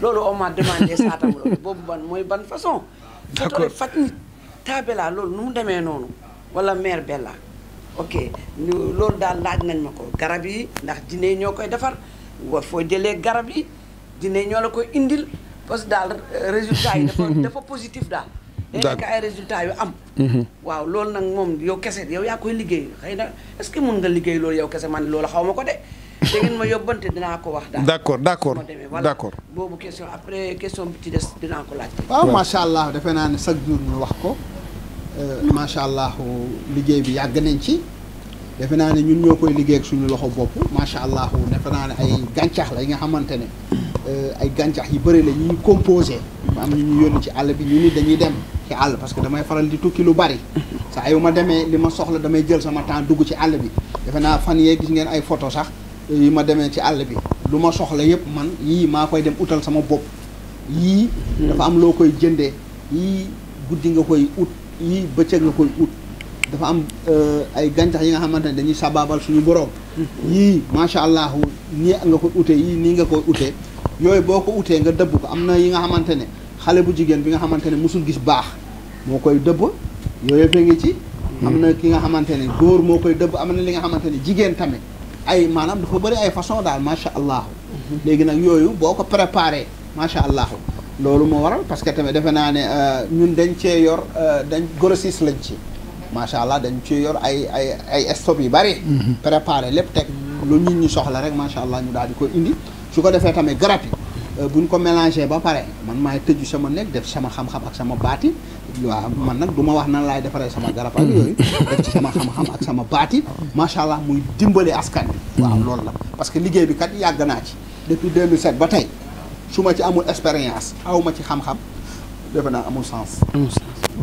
loolu on m'a demandé saatam loolu <laughs> boobu ban mooy ban façon photo faj nit taabela loolu nu mu demee noonu wala mère Bella ok loolu daal laaj nañ ma ko garab yi ndax jinne ñoo koy defar wa foo jëlee garab yi jinne ñoo la koy indil parce que daal euh, résultat yi dafa <laughs> dafa positif daal day nekk ay résultats yu am mhm. waaw loolu nag moom yow kese yow yaa koy liggéey xëy na est que mun nga liggéey loolu yow kese man loolu xaw ma ko de da ngeen ma yóbbante dinaa ko wax daal d'accord d'accord d'accord boobu question après question bi ci des dinaa ko laajte waaw macha allah defe naa ne chaque jour ñu wax ko euh, macha allah liggéey bi yàgg nañ ci defe naa ne ñun ñoo koy liggéey ak suñu loxo bopp macha allah defe naa ne ay gàncax la yi nga xamante ne euh, ay gàncax yu bëri la ñu ñu composé am ñu ñu yónni ci àll bi ñu ni dañuy dem ci parce que damay faral di tukki lu bari saa yu ma demee li ma soxla damay jël sama temps dugg ci àll bi defe naa fan yee gis ngeen ay photo sax yi ma demee ci àll bi lu ma soxla yëpp man yii maa koy dem utal sama bopp yii am loo koy jëndee yii guddi nga koy ut yii bëccëg nga koy dafa am euh, ay gàncax yi nga xamante ne dañuy sababal suñu borom yii macha allah nii nga koy ute yii nii nga koy utee yooyu boo ko utee nga dëbb ko am na yi nga xamante ne xale bu jigéen bi nga xamante ne musul gis baax moo koy dëbb yooyu yëpp ngi ci hmm. am na ki nga xamante ne góor moo koy dëbb am na li nga xamante ne jigéen tamit ay maanaam dafa bëri ay façon daal macha allah. Hmm. léegi nag yooyu boo ko préparé macha allah loolu moo waral parce que tamit defe naa ne euh, ñun dañ cee yor euh, dañ grossiste lañ ci macha allah dañ cee yor ay ay ay stock yu bari. Hmm. préparé lépp teg lu nit ñu soxla rek macha allah ñu daal di ko indi su ko defee tamit garab yi. Euh, bu ñu ko mélangé ba pare man maay tëju sama nekk def sama xam-xam ak sama baati waaw man nag du ma wax nan laay defaree sama garab ak yooyu <laughs> def ci sama xam-xam ak sama baati macha allah muy dimbale askan bi waaw mm-hmm. loolu la parce que liggéey bi kat yàgg naa ci depuis 2007 ba tey su ma ci amul expérience aw ma ci xam-xam defe naa amul sens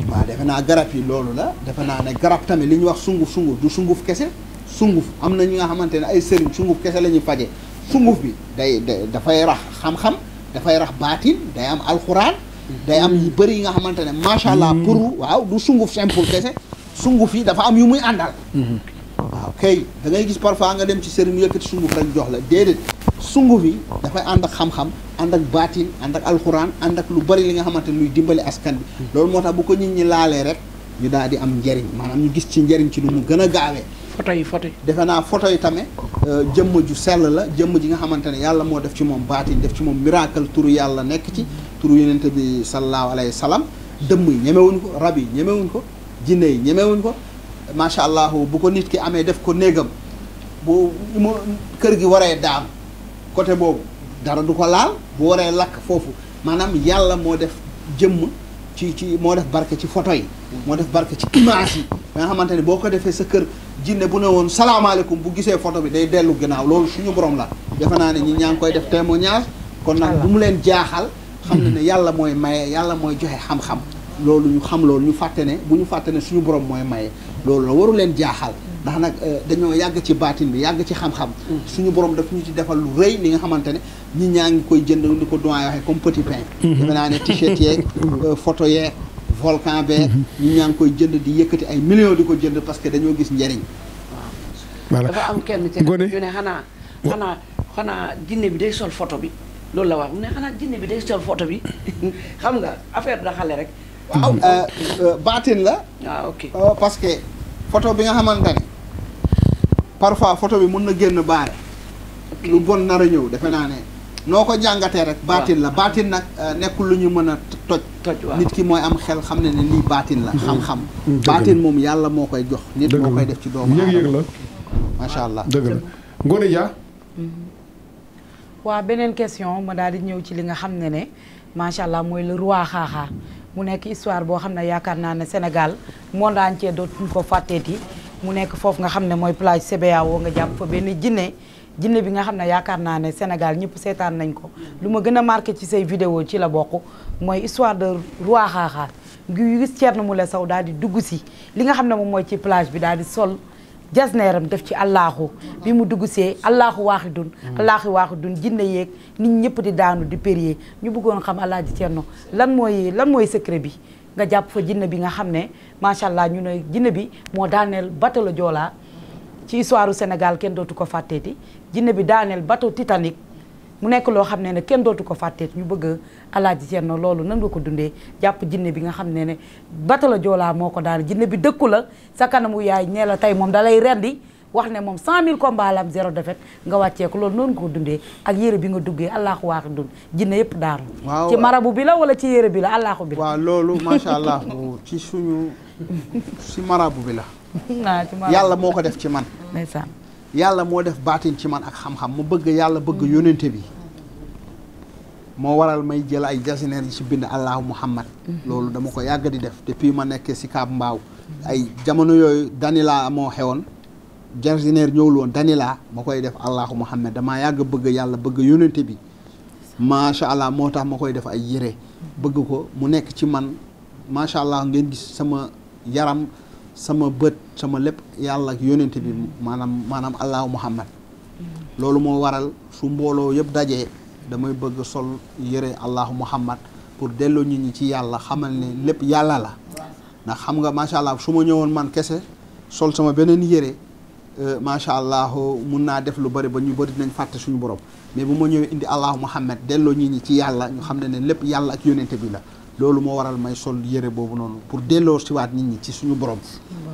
waaw defe naa garab yi loolu la defe naa ne garab tamit li ñuy wax sunguf sunguf du sunguf kese sunguf am na ñi nga xamante ne ay sëriñ sunguf kese la ñuy faje sunguf bi day dafay rax xam-xam dafay rax baatin day am alxuraan day am yu bëri yi nga xamante ne macha allah mm. pour waaw du sunguf simple kese sunguf yi dafa am yu muy àndal mm-hmm. waaw kay da ngay gis parfois nga dem ci sëriñ mu yëkkati sunguf rek jox la déedéet sunguf yi dafay ànd ak xam-xam ànd ak baatin ànd ak alxuraan ànd ak lu bari li nga xamante ne luy dimbali askan bi mm-hmm. loolu moo tax bu ko nit ñi laalee rek ñu daal di am njëriñ maanaam ñu gis ci njëriñ ci lu mu gën a gaawee photo yi photo yi defe naa photo yi tamit euh, jëmm ju sell la jëmm ji nga xamante ne yàlla moo def ci moom baatin def ci moom miraakal turu yàlla nekk ci turu yonent bi sallallahu alayhi wa dëmm yi ñemewuñ ko rab yi ñemewuñ ko jinne yi ñemewuñ ko macha allah bu ko nit ki amee def ko néegam bu mu kër gi waree daam côté boobu dara du ko laal bu waree lakk foofu maanaam yàlla moo def jëmm ci ci moo def barke ci photo yi moo def barke ci image yi ba nga xamante ne boo ko defee sa kër jinne bu ne woon salaamaaleykum bu gisee photo bi day dellu gannaaw loolu suñu boroom la defe naa ne ñi ñaa ngi koy def témoignage kon nag bu mu leen jaaxal xam na ne <clears throat> yàlla mooy maye yàlla mooy joxe xam-xam loolu ñu xam loolu ñu fàtte bu ñu fàtte suñu borom mooy maye loolu la waru leen jaaxal ndax nag euh, dañoo yàgg ci baatin bi yàgg ci xam-xam mm. suñu borom daf ñu ci defal lu rëy li nga xamante ne ñi ñaa ngi koy jënd ni ko doyen waxee comme petit mm-hmm. naa ne t-shirt yeeg <laughs> mm-hmm. euh, photo yeeg volcan mm-hmm. ngi koy jënd di yëkkati ay millions di ko jënd parce que dañoo gis njëriñ dafa am kenn ci ne xanaa xanaa xanaa jinne bi day sol photo bi loolu la wax mu ne xanaa jinne bi day sol photo bi <laughs> xam nga affaire da xale rek waaw euh, euh, baatin la. waaw ah, euh, parce que photo bi nga xamante ne parfois photo bi mun na génn baare. lu bon nar a ñëw defe naa ne. noo ko jàngatee rek. baatin la baatin nag nekkul lu ñu mën a toj. nit ki mooy am xel xam ne ni baatin la. xam-xam baatin moom yàlla moo koy jox. nit moo koy def ci doomu yëg-yëg la. macha allah dëgg la Ngone Dia. Mm-hmm. waaw beneen question ma daal di ñëw ci li nga xam ne ne macha allah mooy le roi xaaxaa mu nekk histoire boo xam ne yaakaar naa ne Sénégal monde entier dootuñ ko fàtteeti mu nekk foofu nga xam ne mooy plage CBAO nga jàpp fa benn jinne jinne bi nga xam ne yaakaar naa ne Sénégal ñëpp seetaan nañ ko lu ma gën a marqué ci say vidéo ci la bokk mooy histoire de roi xaaxaar ngi gis mu la Sow daal di dugg si li nga xam ne moom mooy ci plage bi daal di sol jas jasneeram def ci allaaxu bi mu dugg see allaaxu waaxi dun allaaxi waaxi dun jinne yeeg nit ñëpp di daanu di périer ñu buggoon xam alaaji Cerno lan mooy lan mooy secret bi nga jàpp fa jinne bi nga xam ne macha allah ñu ne jinne bi moo daaneel bateau la ci histoire Sénégal kenn dootu ko fàtteeti jinne bi daaneel bateau Titanic mu nekk loo xam ne ne kenn dootu ko fàtteet ñu bëgg seen na loolu nag nga ko dundee jàpp jinne bi nga xam ne ne bata la joolaa moo ko daan jinne bi dëkku la sa kanamu yaay nee la tey moom dalay rendi wax ne moom 100000 combats la am zéro défaite nga wàcceeku loolu noonu nga ko dundee ak yére bi nga duggee allaahu waaxi dun jinne yëpp daanu ci marabu bi la wala ci yére bi la allaahu bi la loolu macha allah ci suñu si <laughs> marabu bi la yàlla moo ko def ci man ndeysaan yàlla moo def baatin ci man ak xam-xam ma bëgg yàlla bëgg yónnente bi moo waral may jël ay jasineer yi si bind allahu muhammad mhm. loolu dama ko yàgg di def depuis ma nekkee si kaab mbaaw ay jamono yooyu danila moo xewoon jasineer ñëwul woon danila ma koy def allahu muhammad damaa yàgg bëgg yàlla bëgg yónnente bi macha allah moo tax ma koy def ay yére mhm. bëgg ko mu nekk ci man macha allah ngeen sama yaram sama bët sama lépp yàlla ak yónent bi maanaam maanaam allahu muhammad loolu moo waral su mbooloo yëpp dajee damay bëgg sol yëre allahu muhammad pour delloo nit ñi ci yàlla xamal ne lépp yàlla la ndax xam nga macha allah su ma ñëwoon man kese sol sama beneen yëre euh, macha allah mun naa def lu bari ba ñu bari dinañ fàtte suñu borom mais bu ma ñëwee indi allahu muhammad delloo nit ñi ci yàlla ñu xam ne lépp yàlla ak yónent bi la loolu moo waral may sol yére boobu noonu pour delloo siwaat nit ñi ci suñu borom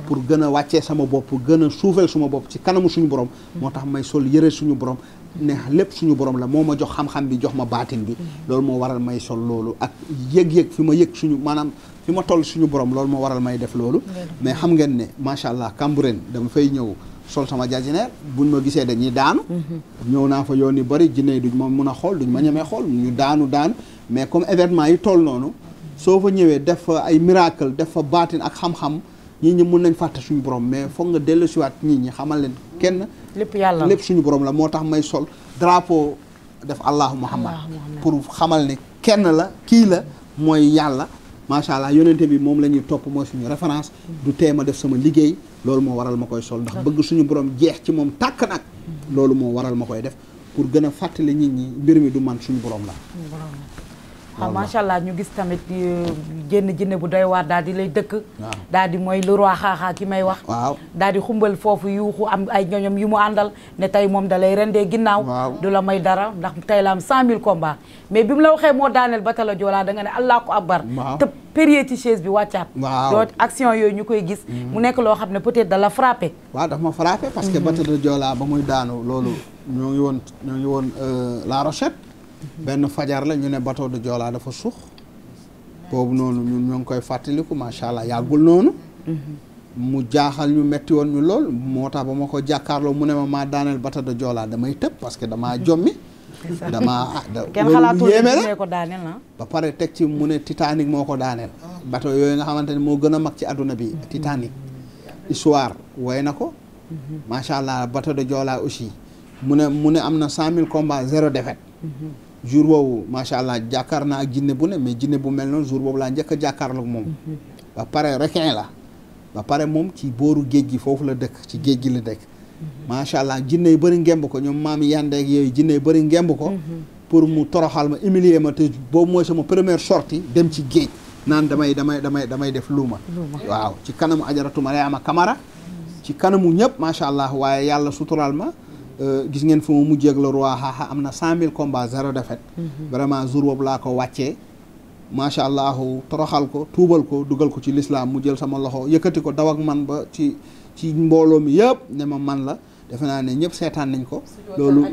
pour gën a wàccee sama bopp gën a suufeel suma bopp ci kanamu suñu borom moo tax may sol yére suñu borom ne lépp suñu borom la moo ma jox xam bi jox ma baatin bi loolu moo waral may sol loolu ak yëg-yëg fi ma yëg suñu maanaam fi ma toll suñu borom loolu moo waral may def loolu mais xam ngeen ne macha allah Cambérène dama fay ñëw sol sama bu ñu ma gisee dañuy daanu ñëw naa fa yoon yu bëri jinne yi duñ mun a xool duñ ma ñemee xool ñu daanu daanu mais comme événement yi toll noonu soo fa ñëwee def fa ay miracle def fa baatin ak xam-xam ñii ñi mun nañ fàtte suñu borom mais foog nga dellusiwaat nit ñi xamal leen kenn. lépp yàlla lépp suñu borom la moo tax may sol drapeau def allahu muhammad pour xamal ne kenn la kii la mooy yàlla. macha allah yonente bi moom la ñuy topp mooy suñu référence du teema def sama liggéey loolu moo waral ma koy sol ndax bëgg suñu borom jeex ci moom tàkk nag loolu moo waral ma koy def pour gën a fàttali nit ñi mbir mi du man suñu borom la waaw ah, macha allah ñu gis tamit euh, génn jinne bu doy waar daal di lay dëkk. daal di mooy lu roi xaaxaa ki may wax. waaw daal di xumbal foofu yuuxu am ay ñoñom yu mu àndal ne tey moom da lay rendee ginnaaw. du la may dara ndax tey la am 100000 combats. mais bi mu la waxee moo daaneel ba tala joolaa da nga ne allah ko akbar. waaw tëb période chaise bi wàccaat. waaw action yooyu ñu koy gis. Mm-hmm. mu nekk loo xam ne peut-être da la frappé. waaw daf ma frappé parce que mm-hmm. ba tala joolaa ba muy daanu loolu ñoo ngi woon ñoo euh, La Rochette. benn fajar la ñu ne bato de Joola dafa suux boobu noonu ñun ñoo ngi koy fàttaliku macha allah yàggul noonu mu jaaxal ñu metti woon ñu lool moo tax ba ma ko jàkkaarloo mu ne ma maa daaneel bateau de Joola damay tëb parce que damaa jommi damaa ah, yéeme ko daaneel ba pare teg ci mu ne Titanic moo ko daaneel bateau yooyu nga xamante ne moo gën a mag ci àdduna bi mm-hmm. Titanic histoire woy na ko mm-hmm. macha allah bateau de Joola aussi mu ne mu ne am na cent mille combats zéro défaite mm-hmm. jour woowu macha allah jàkkaar naa ak jinne bu ne mais jinne bu mel noonu jour boobu laa njëkk a jàkkaarloog moom. ba pare requin la. ba pare moom ci booru géej gi foofu la dëkk ci géej gi la dëkk. macha allah jinne yu bëri ngemb ko ñoom maam yandeeg yooyu jinne yu bëri ngemb ko. pour mu toroxal ma humilier ma te boobu mooy sama première sortie dem ci géej. naan damay damay damay damay def luuma. waaw ci kanamu ajaratu Mariama Kamara. ci kanamu ñëpp macha Euh, gis ngeen fu mu mujjee ak le roi xaaxa am na cent mille combats zéro défaite. Mhm. vraiment jour boobu laa ko wàcce macha allah toroxal ko tuubal ko dugal ko ci lislaam mu jël sama loxo yëkkati ko daw ak man ba ci ci mbooloo mi yëpp ne ma man la defe naa ne ñëpp seetaan nañ ko. loolu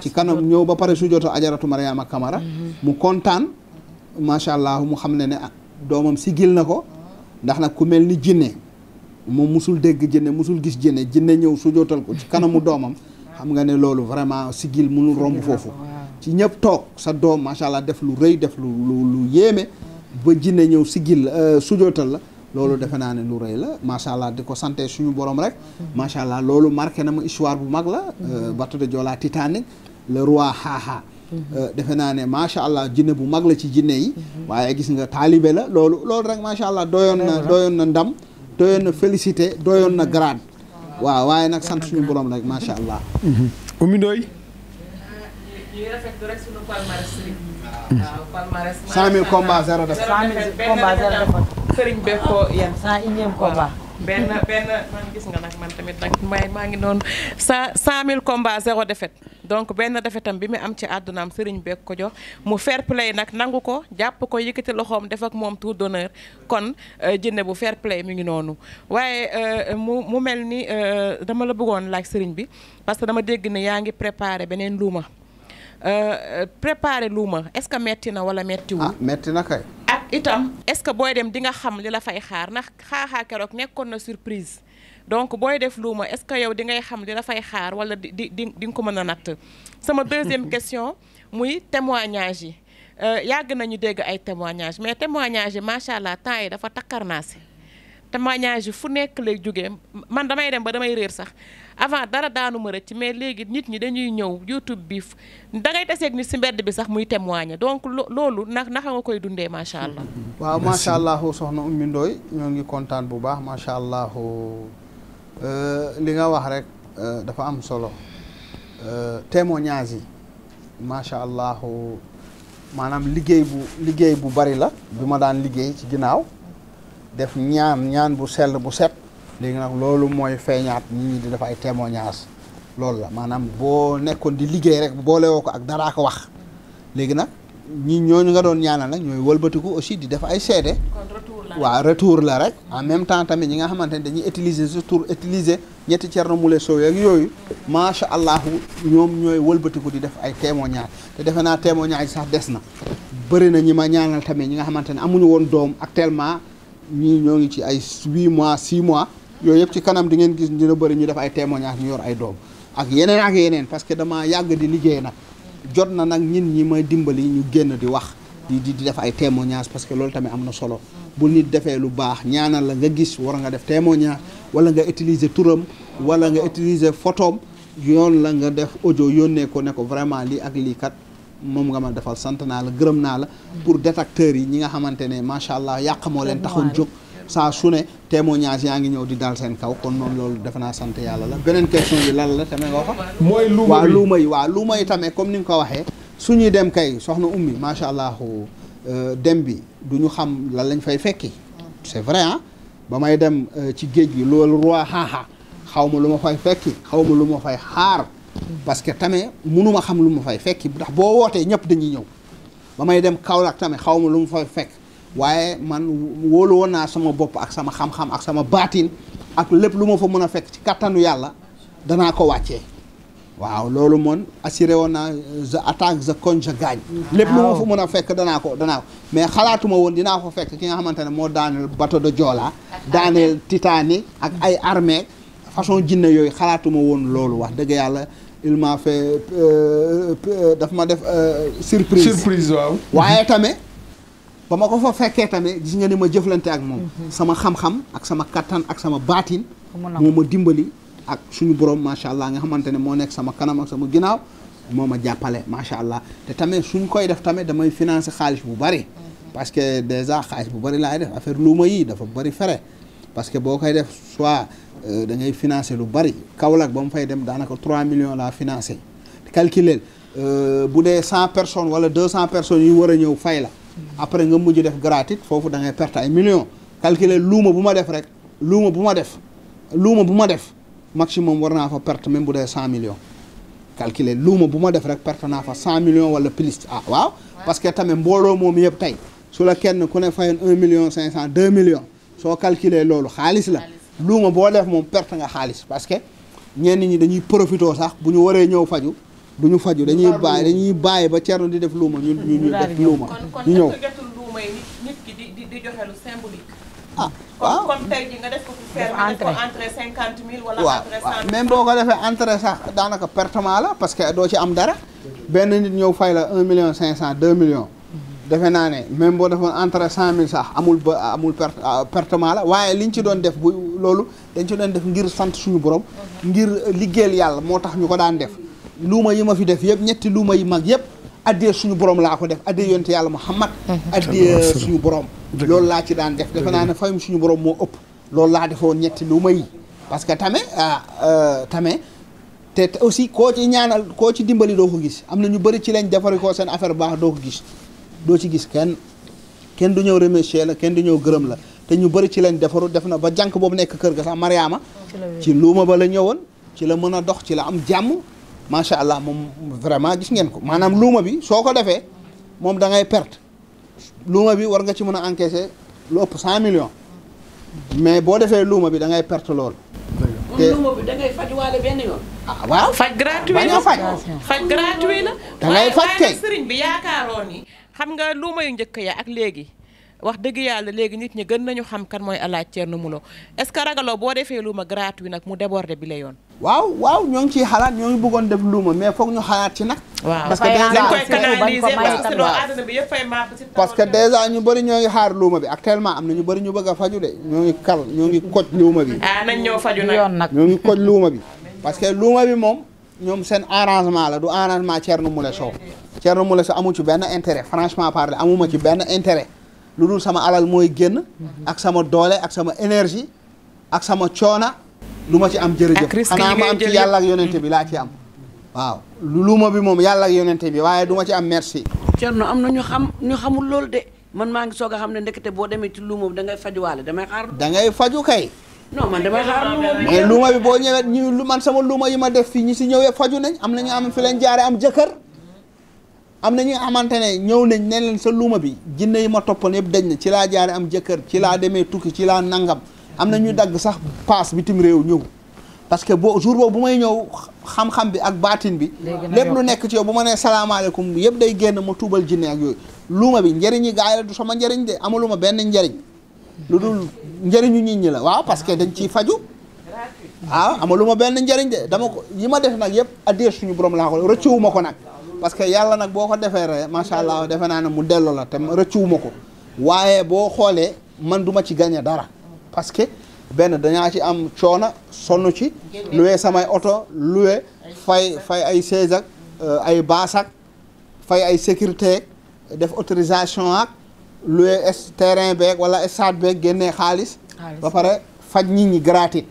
ci kanam ñëw ba pare su jota ajaratu Mariama Kamara. Mhm. mu kontaan macha allah mu xam ne ne ah, doomam si gil na ko. ndax nag ku mel ni jinne moom musul dégg jinne musul gis jinne jinne ñëw su ci kanamu doomam. <laughs> xam nga ne loolu vraiment sigil mënul romb foofu ci ñëpp toog sa doom macha allah def lu rëy def lu lu lu yéeme ba jinne ñëw sigil euh, sujootal la loolu mm-hmm. defe naa ne lu rëy la macha allah di ko sante suñu borom rek mm-hmm. macha allah loolu marqué na ma histoire bu mag la euh, mm-hmm. bateau de Titanic le roi xaaxaa euh, defe naa ne macha allah jinne bu mag la ci jinne yi waaye gis nga taalibe la loolu loolu rek macha allah doyoon na doyoon na ndam doyoon na félicité doyoon na grade waaw waaye nag sant suñu borom rek macha allah. Mm-hmm. Oumy Ndoye. ñuy rafetlu rek suñu palmarès Serigne. nag man tamit nag maa ngi noonu cent cent mille combats zéro défaite donc benn defee defetam bi mu am ci àddunaam sëriñ beeg ko jox mu fair play nag nangu ko jàpp ko yëkkati loxoom def ak moom tour d'honneur kon euh, jinne bu fair play mi ngi noonu waaye euh, mu mu mel ni euh, dama la bëggoon laaj sëriñ bi parce que dama dégg ne yaa ngi préparé beneen luuma préparé luuma est-ce que metti na wala mettiwul. ah metti na kay. ak ah, itam est-ce que booy dem di nga xam li la fay xaar ndax xaaxaa keroog nekkoon na surprise. donc booy def luuma est-ce que yow di ngay xam li dafay xaar wala di di di nga ko mën a natt sama deuxième <laughs> question muy témoignage yi euh, yàgg nañu dégg ay témoignage mais témoignage yi macha allah temps yi dafa takkarnaase témoignage yi fu nekk lay jógee man damay dem ba damay réer sax avant dara daanu ma rëcc mais léegi nit ñi dañuy ñëw YouTube bi dangay taseeg nit si mbedd bi sax muy témoigner donc loolu nag naka nga koy dundee macha allah. waaw macha allah soxna Oumy Ndoye ñoo ngi kontaan bu baax macha allah. Euh, li nga wax rek euh, dafa am solo euh, témoignage yi macha allah maanaam liggéey bu liggéey bu bari la bi ma daan liggéey ci ginnaaw def ñaan ñaan bu sell bu set léegi nag loolu mooy feeñaat nit ñi di def ay témoignage loolu la maanaam boo nekkoon di liggéey rek boolewoo ko ak daraa ko wax léegi nag ñi ñooñu nga doon ñaanal nag ñooy wëlbatiku aussi di def ay seede. kon retour la waaw retour la rek. en même temps tamit ñi nga xamante ne dañuy utiliser surtout utiliser ñetti Thierno Moule Sow ak yooyu macha allah ñoom ñooy wëlbatiku di def ay témoignage te defe naa témoignage sax des na. bëri na ñi ma ñaanal tamit ñi nga xamante ne amuñu woon doom actuellement ñii ñoo ngi ci ay huit mois six mois yooyu yëpp ci kanam di ngeen gis dina bëri ñu def ay témoignage ñu yor ay doom ak yeneen ak yeneen parce que damaa yàgg di liggéey nag. jot na nag ñin ñi may dimbali ñu génn di wax di di def ay témoignages parce que loolu tamit am na solo bu nit defee lu baax ñaanal la nga gis war nga def témoignage wala nga utiliser turam wala nga utiliser photoom yoon la nga def audio yónnee ko ne ko vraiment lii ak lii kat moom nga ma defal sant naa la gërëm naa la mm. pour détracteurs yi ñi nga xamante ne macha allah yàq moo leen taxoon jóg saa su ne témoignage yaa ngi ñëw di daal seen kaw kon moom loolu defe naa sant yàlla la beneen question yi lan la tamit nga wax. mooy luuma yi waaw luuma yi waaw luuma yi tamit comme ni nga ko waxee suñuy dem kay soxna umi macha allah euh, dem bi du ñu xam lan lañ fay fekki. c'est vrai ah ba may dem euh, ci géej gi loolu roi xaaxa xaw ma lu ma fay fekki xaw ma lu ma fay xaar. parce que tamit mënuma xam lu ma fay fekki ndax boo wootee ñëpp dañuy ñëw. ba may dem Kaolack tamit xaw ma lu mu fay fekk. waaye man woolu woon naa sama bopp ak sama xam-xam ak sama baatin ak lépp lu ma fa mën a fekk ci kattanu yàlla danaa ko wàccee waaw loolu moom assuré woon naa je euh, attaque je cogne je gagne lépp lu ma fa mën a fekk danaa ko danaa ko mais xalaatuma woon dinaa ko fekk ki nga xamante ne moo daaneel bateau de Joola daaneel Titanic ak ay armée façon jinne yooyu xalaatuma woon loolu wax dëgg yàlla il m'a fait euh, euh, ma def surprise surprise waaw waaye tamit ba ma ko fa fekkee tamit gis nga ni ma jëflante ak moom mhm. sama xam-xam ak sama kattan ak sama baatin moo ma dimbali ak suñu borom macha allah nga xamante ne moo nekk sama kanam ak sama ginnaaw moo ma jàppale macha allah te tamit suñ koy def tamit damay financer xaalis bu bari mhm. parce que déjà xaalis bu bari laay def affaire luuma yi dafa bari fere parce que boo koy def soit euh, da ngay financer lu bari Kaolack ba mu fay dem daanaka 3 millions laa financé calculer euh, bu dee 100 personnes wala 200 personnes yu war a ñëw fay la après nga mujj def gratuite foofu da ngay perte ay millions calculer luuma bu ma def rek luuma bu ma def luuma bu ma def maximum war naa fa perte même bu dee cent millions calculer luuma bu ma def rek perte naa fa cent million wala plus ah waaw parce que tamit mbooloo moom yëpp tey su la kenn ku ne fayoon un million cinq cent deux millions soo calculer loolu xaalis la luuma boo def moom perte nga xaalis parce que ñenn ñi dañuy profité sax bu ñu waree ñëw faju bu ñu faju dañuy bàyyi dañuy bàyyi ba Thierno di def luuma ñu ñu ñu def luuma ñu ñëw nit ah, waaw comme tey ji nga def ko defee entrée sax daanaka pertement la parce que doo ci am dara benn nit ñëw fay la un million cinq cent deux million defe naa ne même boo defoon entrée cent mille sax amul ba amul ah, pertement la waaye li liñ ci doon def bu loolu dañ ci doon def ngir sant suñu borom ngir liggéey yàlla moo tax ñu ko daan def luuma yi ma fi def yëpp ñetti luuma yi mag yëpp addee suñu borom laa ko def addee yonte yàlla Muhammad mm-hmm. addee suñu borom loolu laa ci daan def defe naa ne fayum suñu borom moo ëpp loolu laa defoon ñetti luuma yi parce que tame ah euh, tame te aussi koo ci ñaanal koo ci dimbali doo ko gis am na ñu bëri ci leen defari ko seen affaire baax doo ko doo ci gis kenn kenn du ñëw remercier la kenn du ñëw gërëm la te ñu bëri ci lañ defaru def na ba jànk boobu nekk kër ga sax Mariama ci luuma ba la ñëwoon ci la mën a dox ci la am jàmm macha allah moom vraiment gis ngeen ko maanaam luuma bi soo ko defee moom dangay perte luuma bi war nga ci mun a encaisser lu ëpp cent millions mais boo defee luuma bi da ngay perte lool. te luuma bi da ngay faj waale benn yoon. ah waaw faj gratuit la la. da faj kay bi yaakaaroon ni xam nga luuma yu njëkk yaa ak léegi. wax dëgg yàlla léegi nit ñi gën nañu xam kan mooy alaaj Thierno Moule est-ce que ragaloo boo defee luuma gratuit nag mu déborder bi la yoon. waaw waaw ñoo ngi ciy xalaat ñoo ngi bëggoon def luuma mais foog ñu xalaat ci nag. waaw parce que dèjà parce que dèjà ñu bari ñoo ngi xaar luuma bi actuellement am na ñu bëri ñu bëgg a faju de ñoo ngi kal ñoo ngi koj luuma bi. ah nañ nag ñoo ngi koj parce que luuma bi moom ñoom seen arrangement la du arrangement Thierno Moule Sow. Thierno Moule Sow amu ci benn intérêt franchement parler amuma ci benn intérêt lu dul sama alal mooy génn. ak sama doole ak sama énergie ak sama coona lu ma ci am jërëjëf xanaa ma am ci yàlla ak yonente bi laa ci am waaw lu ma bi moom yàlla ak yonente bi waaye duma ci am merci Cerno am na ñu xam ñu xamul loolu de man maa ngi soog a xam ne ndekete boo demee ci luuma da dangay fajuwaale damay xaar da ngay faju kay non man damay xaar luuma bi mais luuma bi boo ñëwee ñu man sama luuma yi ma def fii ñi si ñëwee faju nañ am na ñu am fi leen jaare am jëkkër am na xamante ne ñëw nañ ne sa luuma bi jinne yi ma toppoon yëpp dañ na ci laa jaare am jëkkër ci laa demee tukki ci laa nangam am na ñuy dagg sax paas bitim réew ñëw parce que boo jour boobu bu may ñëw xam-xam bi ak baatin bi lépp lu nekk ci yow bu ma nee salaamaaleykum yëpp day génn ma tuubal jinne ak yooyu luuma bi njëriñi gaay la du sama njëriñ de amaluma benn njariñ lu dul njëriñu nit ñi la waaw parce que dañ ciy faju ah amaluma benn njariñ de dama ko yi ma def nag yëpp addee suñu borom laa ko rëccuwuma ko nag parce que yàlla nag boo ko defee rek macha allah defe naa ne mu delloo la te rëccuwuma ko waaye boo xoolee man duma ci gagné dara parce que benn dañaa ci am coona sonn ci luwe samay oto luwe fay fay ay siège ak euh, ay baas fay ay sécurité def autorisation ak luwe terrain beeg wala stade beeg génnee xaalis ba pare faj ñi ñi gratuit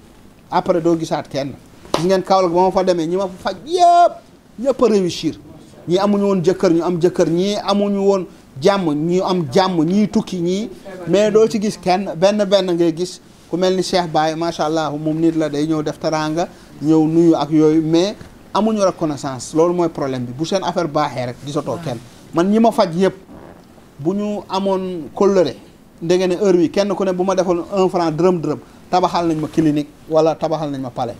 après doo gisaat kenn gis ngeen Kaolack ba ma fa demee ñi ma fa faj yëpp ñëpp a réussir ñii amuñu woon jëkkër ñu am jëkkër ñi amuñu woon jàmm ñu am jàmm ñii tukki ñii mais doo ci gis kenn benn benn ngay gis ku mel ni Cheikh Baye macha allah moom nit la day ñëw def teraanga ñëw nuyu ak yooyu mais amuñu reconnaissance loolu mooy problème bi bu seen affaire baaxee rek gisatoo kenn man ñi ma faj yëpp bu ñu amoon kóllëre ndege ne heure bi kenn ku ne bu ma defoon un franc dërëm dërëm tabaxal nañ ma clinique wala tabaxal nañ ma palais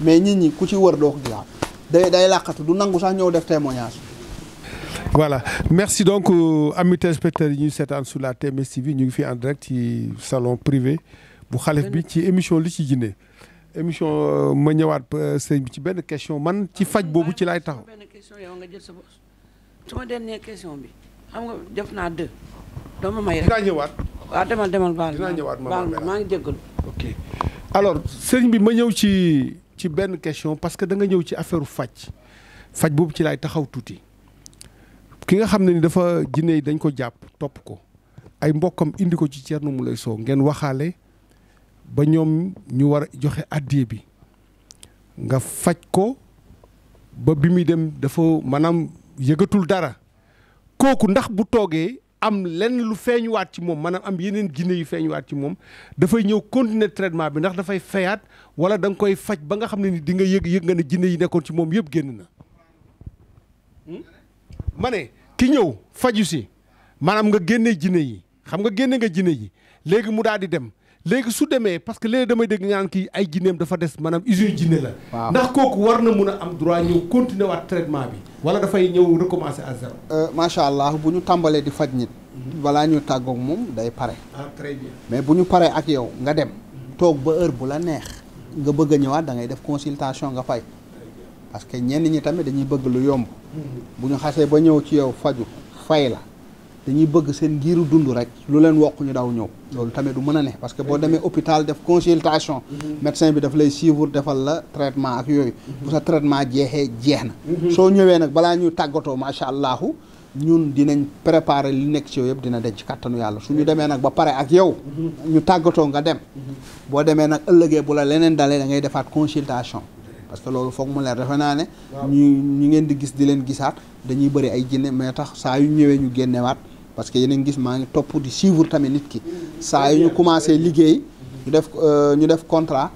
mais nit ñi ku ci wër doo ko gisaat day day làqatu du nangu sax ñëw def témoignage voilà merci donc euh, amis téléspectateurs yi ñu seetaan sur la TMS TV ñu ngi fi en direct ci salon privé bu xalif bi ci émission li ci jinne émission euh, ma ñëwaat euh, sëñ bi ci benn question man ci faj boobu ci laay taxaw. benn question yow nga jël sa bopp sama question bi xam nga def naa deux. doo ma may rek dinaa ñëwaat. waaw demal demal baal dinaa ñëwaat ma maa ngi jéggalu ok alors sëñ bi ma ñëw ci ci benn question parce que da nga ñëw ci affaire faj faj boobu ci laay taxaw tuuti. ki nga xam ne ni dafa jinne yi dañ ko jàpp topp ko ay mbokkam indi ko ci Thierno Moulay Sow ngeen waxaale ba ñoom ñu war a joxe addiye bi nga faj ko ba bi muy dem dafa maanaam yëgatul dara kooku ndax bu toogee am lenn lu feeñuwaat ci moom maanaam am yeneen jinne yu feeñuwaat ci moom dafay ñëw continuer traitement bi ndax dafay fayaat wala da koy faj ba nga xam ne ni dinga yëg yëg nga ne jinne yi nekkoon ci moom yëpp génn na hmm? ma ki ñëw faju si maanaam nga génne jinne yi xam nga génne nga jinne yi léegi mu daal di dem léegi su demee parce que léegi damay dégg ñaan kii ay jinneem dafa des maanaam usure jinne la ndax kooku war na mun a am droit ñëw continuer waat traitement bi wala dafay ñëw recommencer à zéro euh, macha allah bu ñu tàmbalee di faj nit mhm. balaa ñu tàggoog moom day pare ah très mais bu ñu paree ak yow nga dem toog ba heure bu la neex nga bëgg ñëwaat da ngay def consultation nga fay parce que ñenn ñi tamit dañuy bëgg lu yomb bu ñu xasee ba ñëw ci yow faju fay la dañuy bëgg seen ngiiru dund rek lu leen wokk ñu daw ñëw loolu tamit du mën a ne parce que boo demee hôpital def consultation mhm. médecin bi daf lay suivre defal la traitement ak yooyu bu mhm. sa traitement jeexee jeex na mhm. soo ñëwee nag balaa ñuy tàggatoo macha allahu ñun dinañ préparer li nekk ci yow yëpp dina denc ci kattanu yàlla ñu demee nag ba pare ak yow ñu tàggatoo nga dem boo demee nag ëllëgee bu la leneen dalee da ngay defaat consultation parce que loolu foog mu leer defe naa ne ñu ngeen di gis di leen gisaat dañuy bëri ay jinne mais tax saa yu ñëwee ñu génnewaat parce que yeneen gis maa ngi topp di suivre tamit nit ki saa yu ñu commencé liggéey ñu def euh, ñu def contrat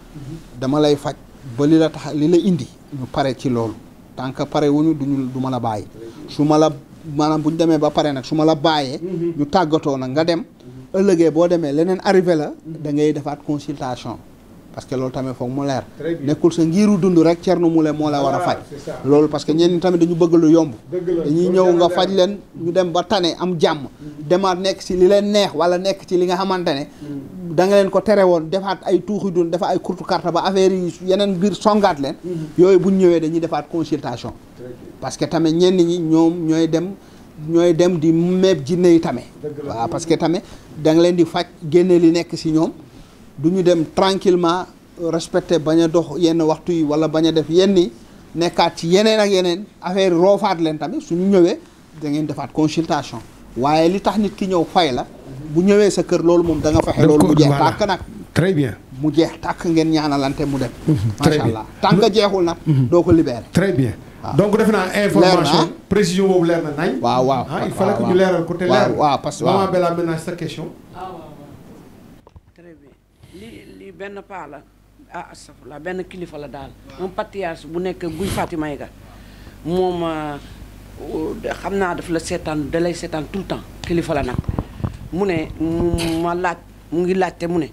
dama lay faj ba li la tax li la indi ñu pare ci loolu tant que pare wuñu duñu du ma la bàyyi su ma la maanaam bu ñu demee ba pare nag su ma la bàyyee mhm. ñu tàggatoo nag nga dem mhm. ëllëgee boo demee leneen arrivé la da ngay defaat consultation parce que loolu tamit foog mu leer nekkul sa ngiiru dund rek Thierno Moule moo la war a ah, faj loolu parce que ñenn tamit dañu bëgg lu yomb dañuy ñëw nga faj leen ñu dem ba tane am jàmm mm-hmm. demaat nekk ci li leen neex wala nekk ci li nga xamante ne mm-hmm. da nga leen ko tere woon defaat ay tuuxi dund dafa ay courte carte ba affaire yi yeneen biir songaat leen mm-hmm. yooyu buñ ñëwee dañuy defaat consultation parce que tamit ñenn ñi ñoom ñooy dem ñooy dem di meeb jinne yi tamit waaw parce que tamit da nga leen di faj génne li nekk ci ñoom du ñu dem tranquillement respecté bañ a dox yenn waxtu yi wala bañ a def yenni nekkaat ci yeneen ak yeneen affaire roofaat leen tamit ñu ñëwee da ngeen defaat consultation waaye li tax nit ki ñëw fay la bu ñëwee sa kër loolu moom da nga fexe loolu mu jeex tàkk mu jeex tàkk ngeen ñaanalante mu dem macha allah tant que jeexul nag mm-hmm. doo ko libéré très bien ah. donc defe naa information précision boobu leer na nañ waaw waaw ah, il fallait que ñu leeral ko te leer waaw parce que maman Bella maintenant sa benn paa la ah astafurlah benn kilifa la daal un patriarche bu nekk guy Fatima Maïga moom euh, euh, xam naa daf la seetaan da lay seetaan tout le temps kilifa la nag mu ne mu ma laaj mu ngi laajte mu ne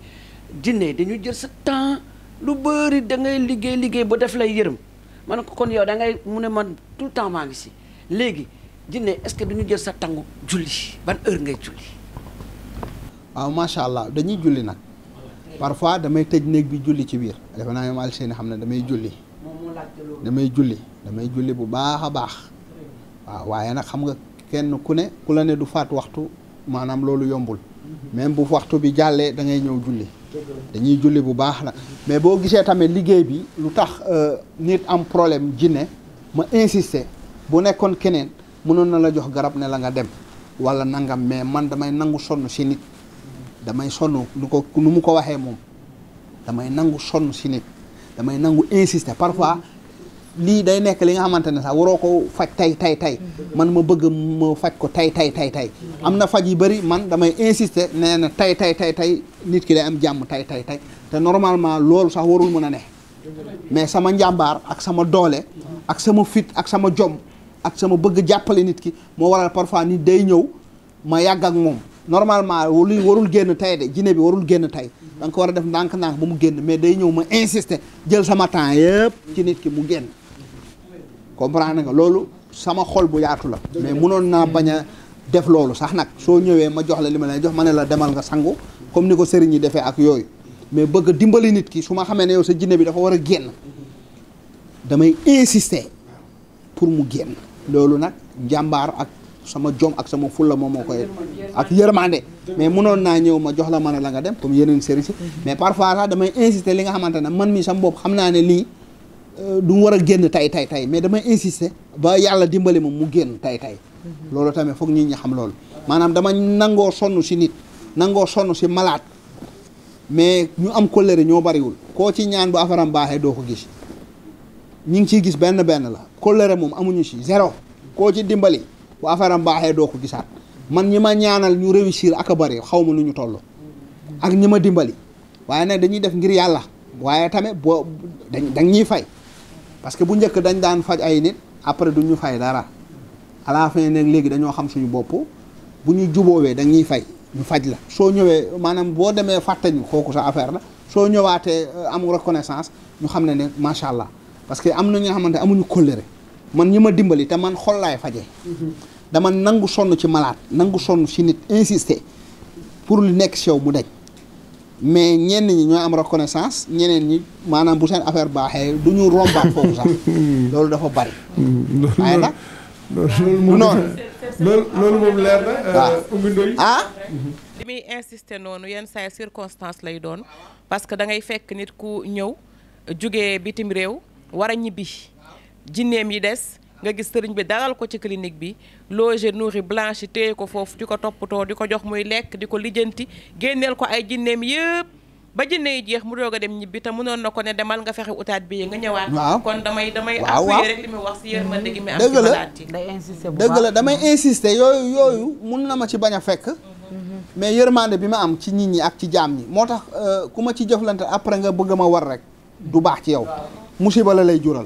jinne dañuy jël sa temps lu bëri da ngay liggéey liggéey ba def lay yërëm ma ne ko kon yow da ngay mu ne man tout le temps maa ngi si léegi jinne est-ce que duñu jël sa tangu julli ban heure ngay julli waaw macha allah dañuy julli nag parfois damay tëj néeg bi julli ci biir defe naa ñoom alseen xam ne damay julli damay julli damay julli bu baax a baax waaw waaye nag xam nga kenn ku ne ku la ne du faat waxtu maanaam loolu yombul mhm. même bu waxtu bi jàllee da ngay ñëw julli dañuy julli bu baax nag mais boo gisee tamit liggéey bi lu tax euh, nit am problème jinne ma insister bu nekkoon keneen mënoon na la jox garab ne la nga dem wala nangam mais man damay nangu sonn si nit damay sonn lu ko nu ko waxee moom damay nangu sonn si nit damay nangu insister parfois lii day nekk li nga xamante ne sax waroo ko faj tay tay tay man ma bëgg ma faj ko tay tay tay tay am na faj yu bëri man damay insisté nee na tay tay tay tay nit ki day am jàmm tay tay tay te normalement loolu sax warul mën a ne mais sama njàmbaar ak sama doole ak sama fit ak sama jom ak sama bëgg jàppale nit ki moo waral parfois nit day ñëw ma yàgg ak moom normalement li warul génn tey de jinne bi warul génn tey danga ko war a def ndànk-ndànk ba mu génn mais day ñëw ma insister jël sama temps yëpp ci nit ki mu génn comprendre nga loolu sama xol bu yaatu la mais mënoon naa bañ a def loolu sax nag soo ñëwee ma jox la li ma lay jox ma ne la demal nga sangu comme ni ko sëriñ yi defee ak yooyu mais bëgg dimbali nit ki su ma xamee ne yow sa jinne bi dafa war a génn damay insister pour mu génn loolu nag njàmbaar ak sama jom ak sama fulla moom moo koy ak yërmande mais mënoon naa ñëw ma jox la ma ne la nga dem comme yeneen sëriñ si mais parfois sax damay insister li nga xamante ne man mi sama bopp xam naa ne lii euh, du war a génn tay tay tay mais damay insister ba yàlla dimbali moom mu génn tay tay loolu tamit foog nit ñi xam loolu maanaam dama nangoo sonn si nit nangoo sonn si malaat mais ñu am colère ñoo bariwul koo ci ñaan bu afaram baaxee doo ko gis ñu ngi ciy gis benn benn la colère moom amuñu si zéro koo ci dimbali bu affaire am baaxee doo ko gisaat man ñi ma ñaanal ñu réussir ak a bëri xaw ma lu ñu toll ak ñi ma dimbali waaye nag dañuy def ngir yàlla waaye tamit boo dañ dañ ñuy fay parce que bu njëkk dañ daan faj ay nit après du ñu fay dara à la léegi dañoo xam suñu bopp bu ñu juboowee dañ ñuy fay ñu faj la soo ñëwee maanaam boo demee fàtte ñu kooku sa affaire la soo ñëwaatee euh, am reconnaissance ñu xam ne ne macha allah parce que am na ñoo amuñu kóllëre man ñi ma dimbali te man xol faje mm-hmm. dama nangu sonn ci malaat nangu sonn ci nit insister pour lu nekk si yow mu daj mais ñenn ñi ñoo am reconnaissance ñeneen ñi maanaam bu seen affaire baaxee du ñu rombaat foofu sax <laughs> loolu dafa bari. Mm-hmm. waaye nag loolu moom loolu moom leer na. waaw euh, ah. ah. Mm-hmm. li muy insister noonu yenn saa circonstance lay doon parce que da ngay fekk nit ku ñëw jóge bitim réew war a ñibbi jinneem yi des. nga gis sëriñ bi dalal ko ci clinique bi loger nourri blanche téye ko foofu di ko toppatoo di ko jox muy lekk di ko lijjanti génneel ko ay jinneem yëpp ba jinne yi jeex mu doog a dem ñibbi te mënoon na ko ne demal nga fexe utaat bi nga ñëwaat. waaw kon damay damay. waaw waaw rek wax si yërmande gi mi am. dëgg la day insister dëgg la damay insister yooyu yooyu mun na ma ci bañ a fekk. Mhm. mais yërmande bi ma am ci nit ñi ak ci jaam ñi moo tax euh, ku ma ci jëflante après nga bëgg ma war rek du baax ci yow musiba la lay jural.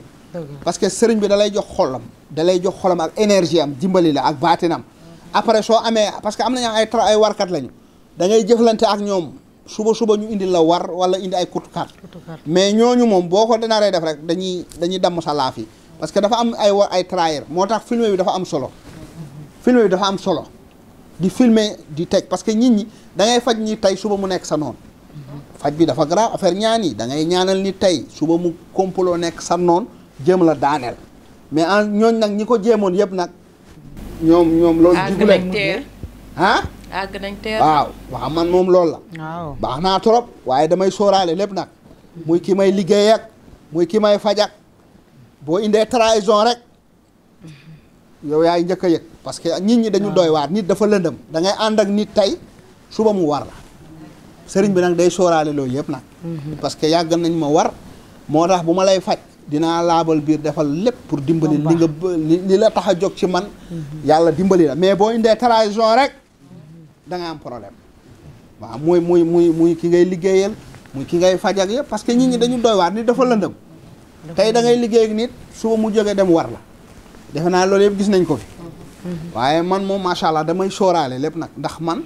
parce que sëriñ bi dalay jox xolam dalay jox xolam ak énergie am dimbali la ak baatinam après soo amee parce que am nañu ay tra ay warkat lañu da ngay jëflante ak ñoom suba suba ñu indi la war wala indi ay kutukaat mais ñooñu moom boo ko dinaree def rek dañuy dañuy damm sa laaf parce que dafa am ay war ay moo tax filmer bi dafa am solo filmer dafa am solo di filmer di teg parce que nit ñi da faj ñi tey suba mu nekk sa noon mhm. faj bi dafa grave affaire ñaan yi da ngay ñaanal ni tey suba mu kompaloo nekk sa noonu jéem la daaneel mais en ñooñ nag ñi ko jéemoon yëpp nag ñoom ñoom loolu jiguleen ah àgg waaw waaw man moom loolu la baax naa trop waaye damay sooraale lépp nag muy kii may liggéey ak muy ki may fajak boo indee trahison rek yow yaay njëkk a yëg parce que nit ñi dañu doy waar nit dafa lëndëm da ngay ànd ak nit tey suba mu war la sëriñ bi nag day sóoraale loolu yëpp nag mhm. parce que yàgg nañ ma war moo tax bu ma lay faj dinaa laabal biir defal lépp pour dimbali li nga li la tax a jóg ci man mhm. yàlla dimbali la mais boo indee trahison rek da nga am problème waaw muy muy muy muy ki ngay liggéeyal muy ki ngay faj ak yëpp parce que nit ñi dañu doy waar ni dafa lëndëm tey da ngay liggéey ak nit suba mu jógee dem war la defe naa loolu yëpp gis nañ ko fi mhm. waaye man moom macha allah damay sóoraale lépp nag ndax man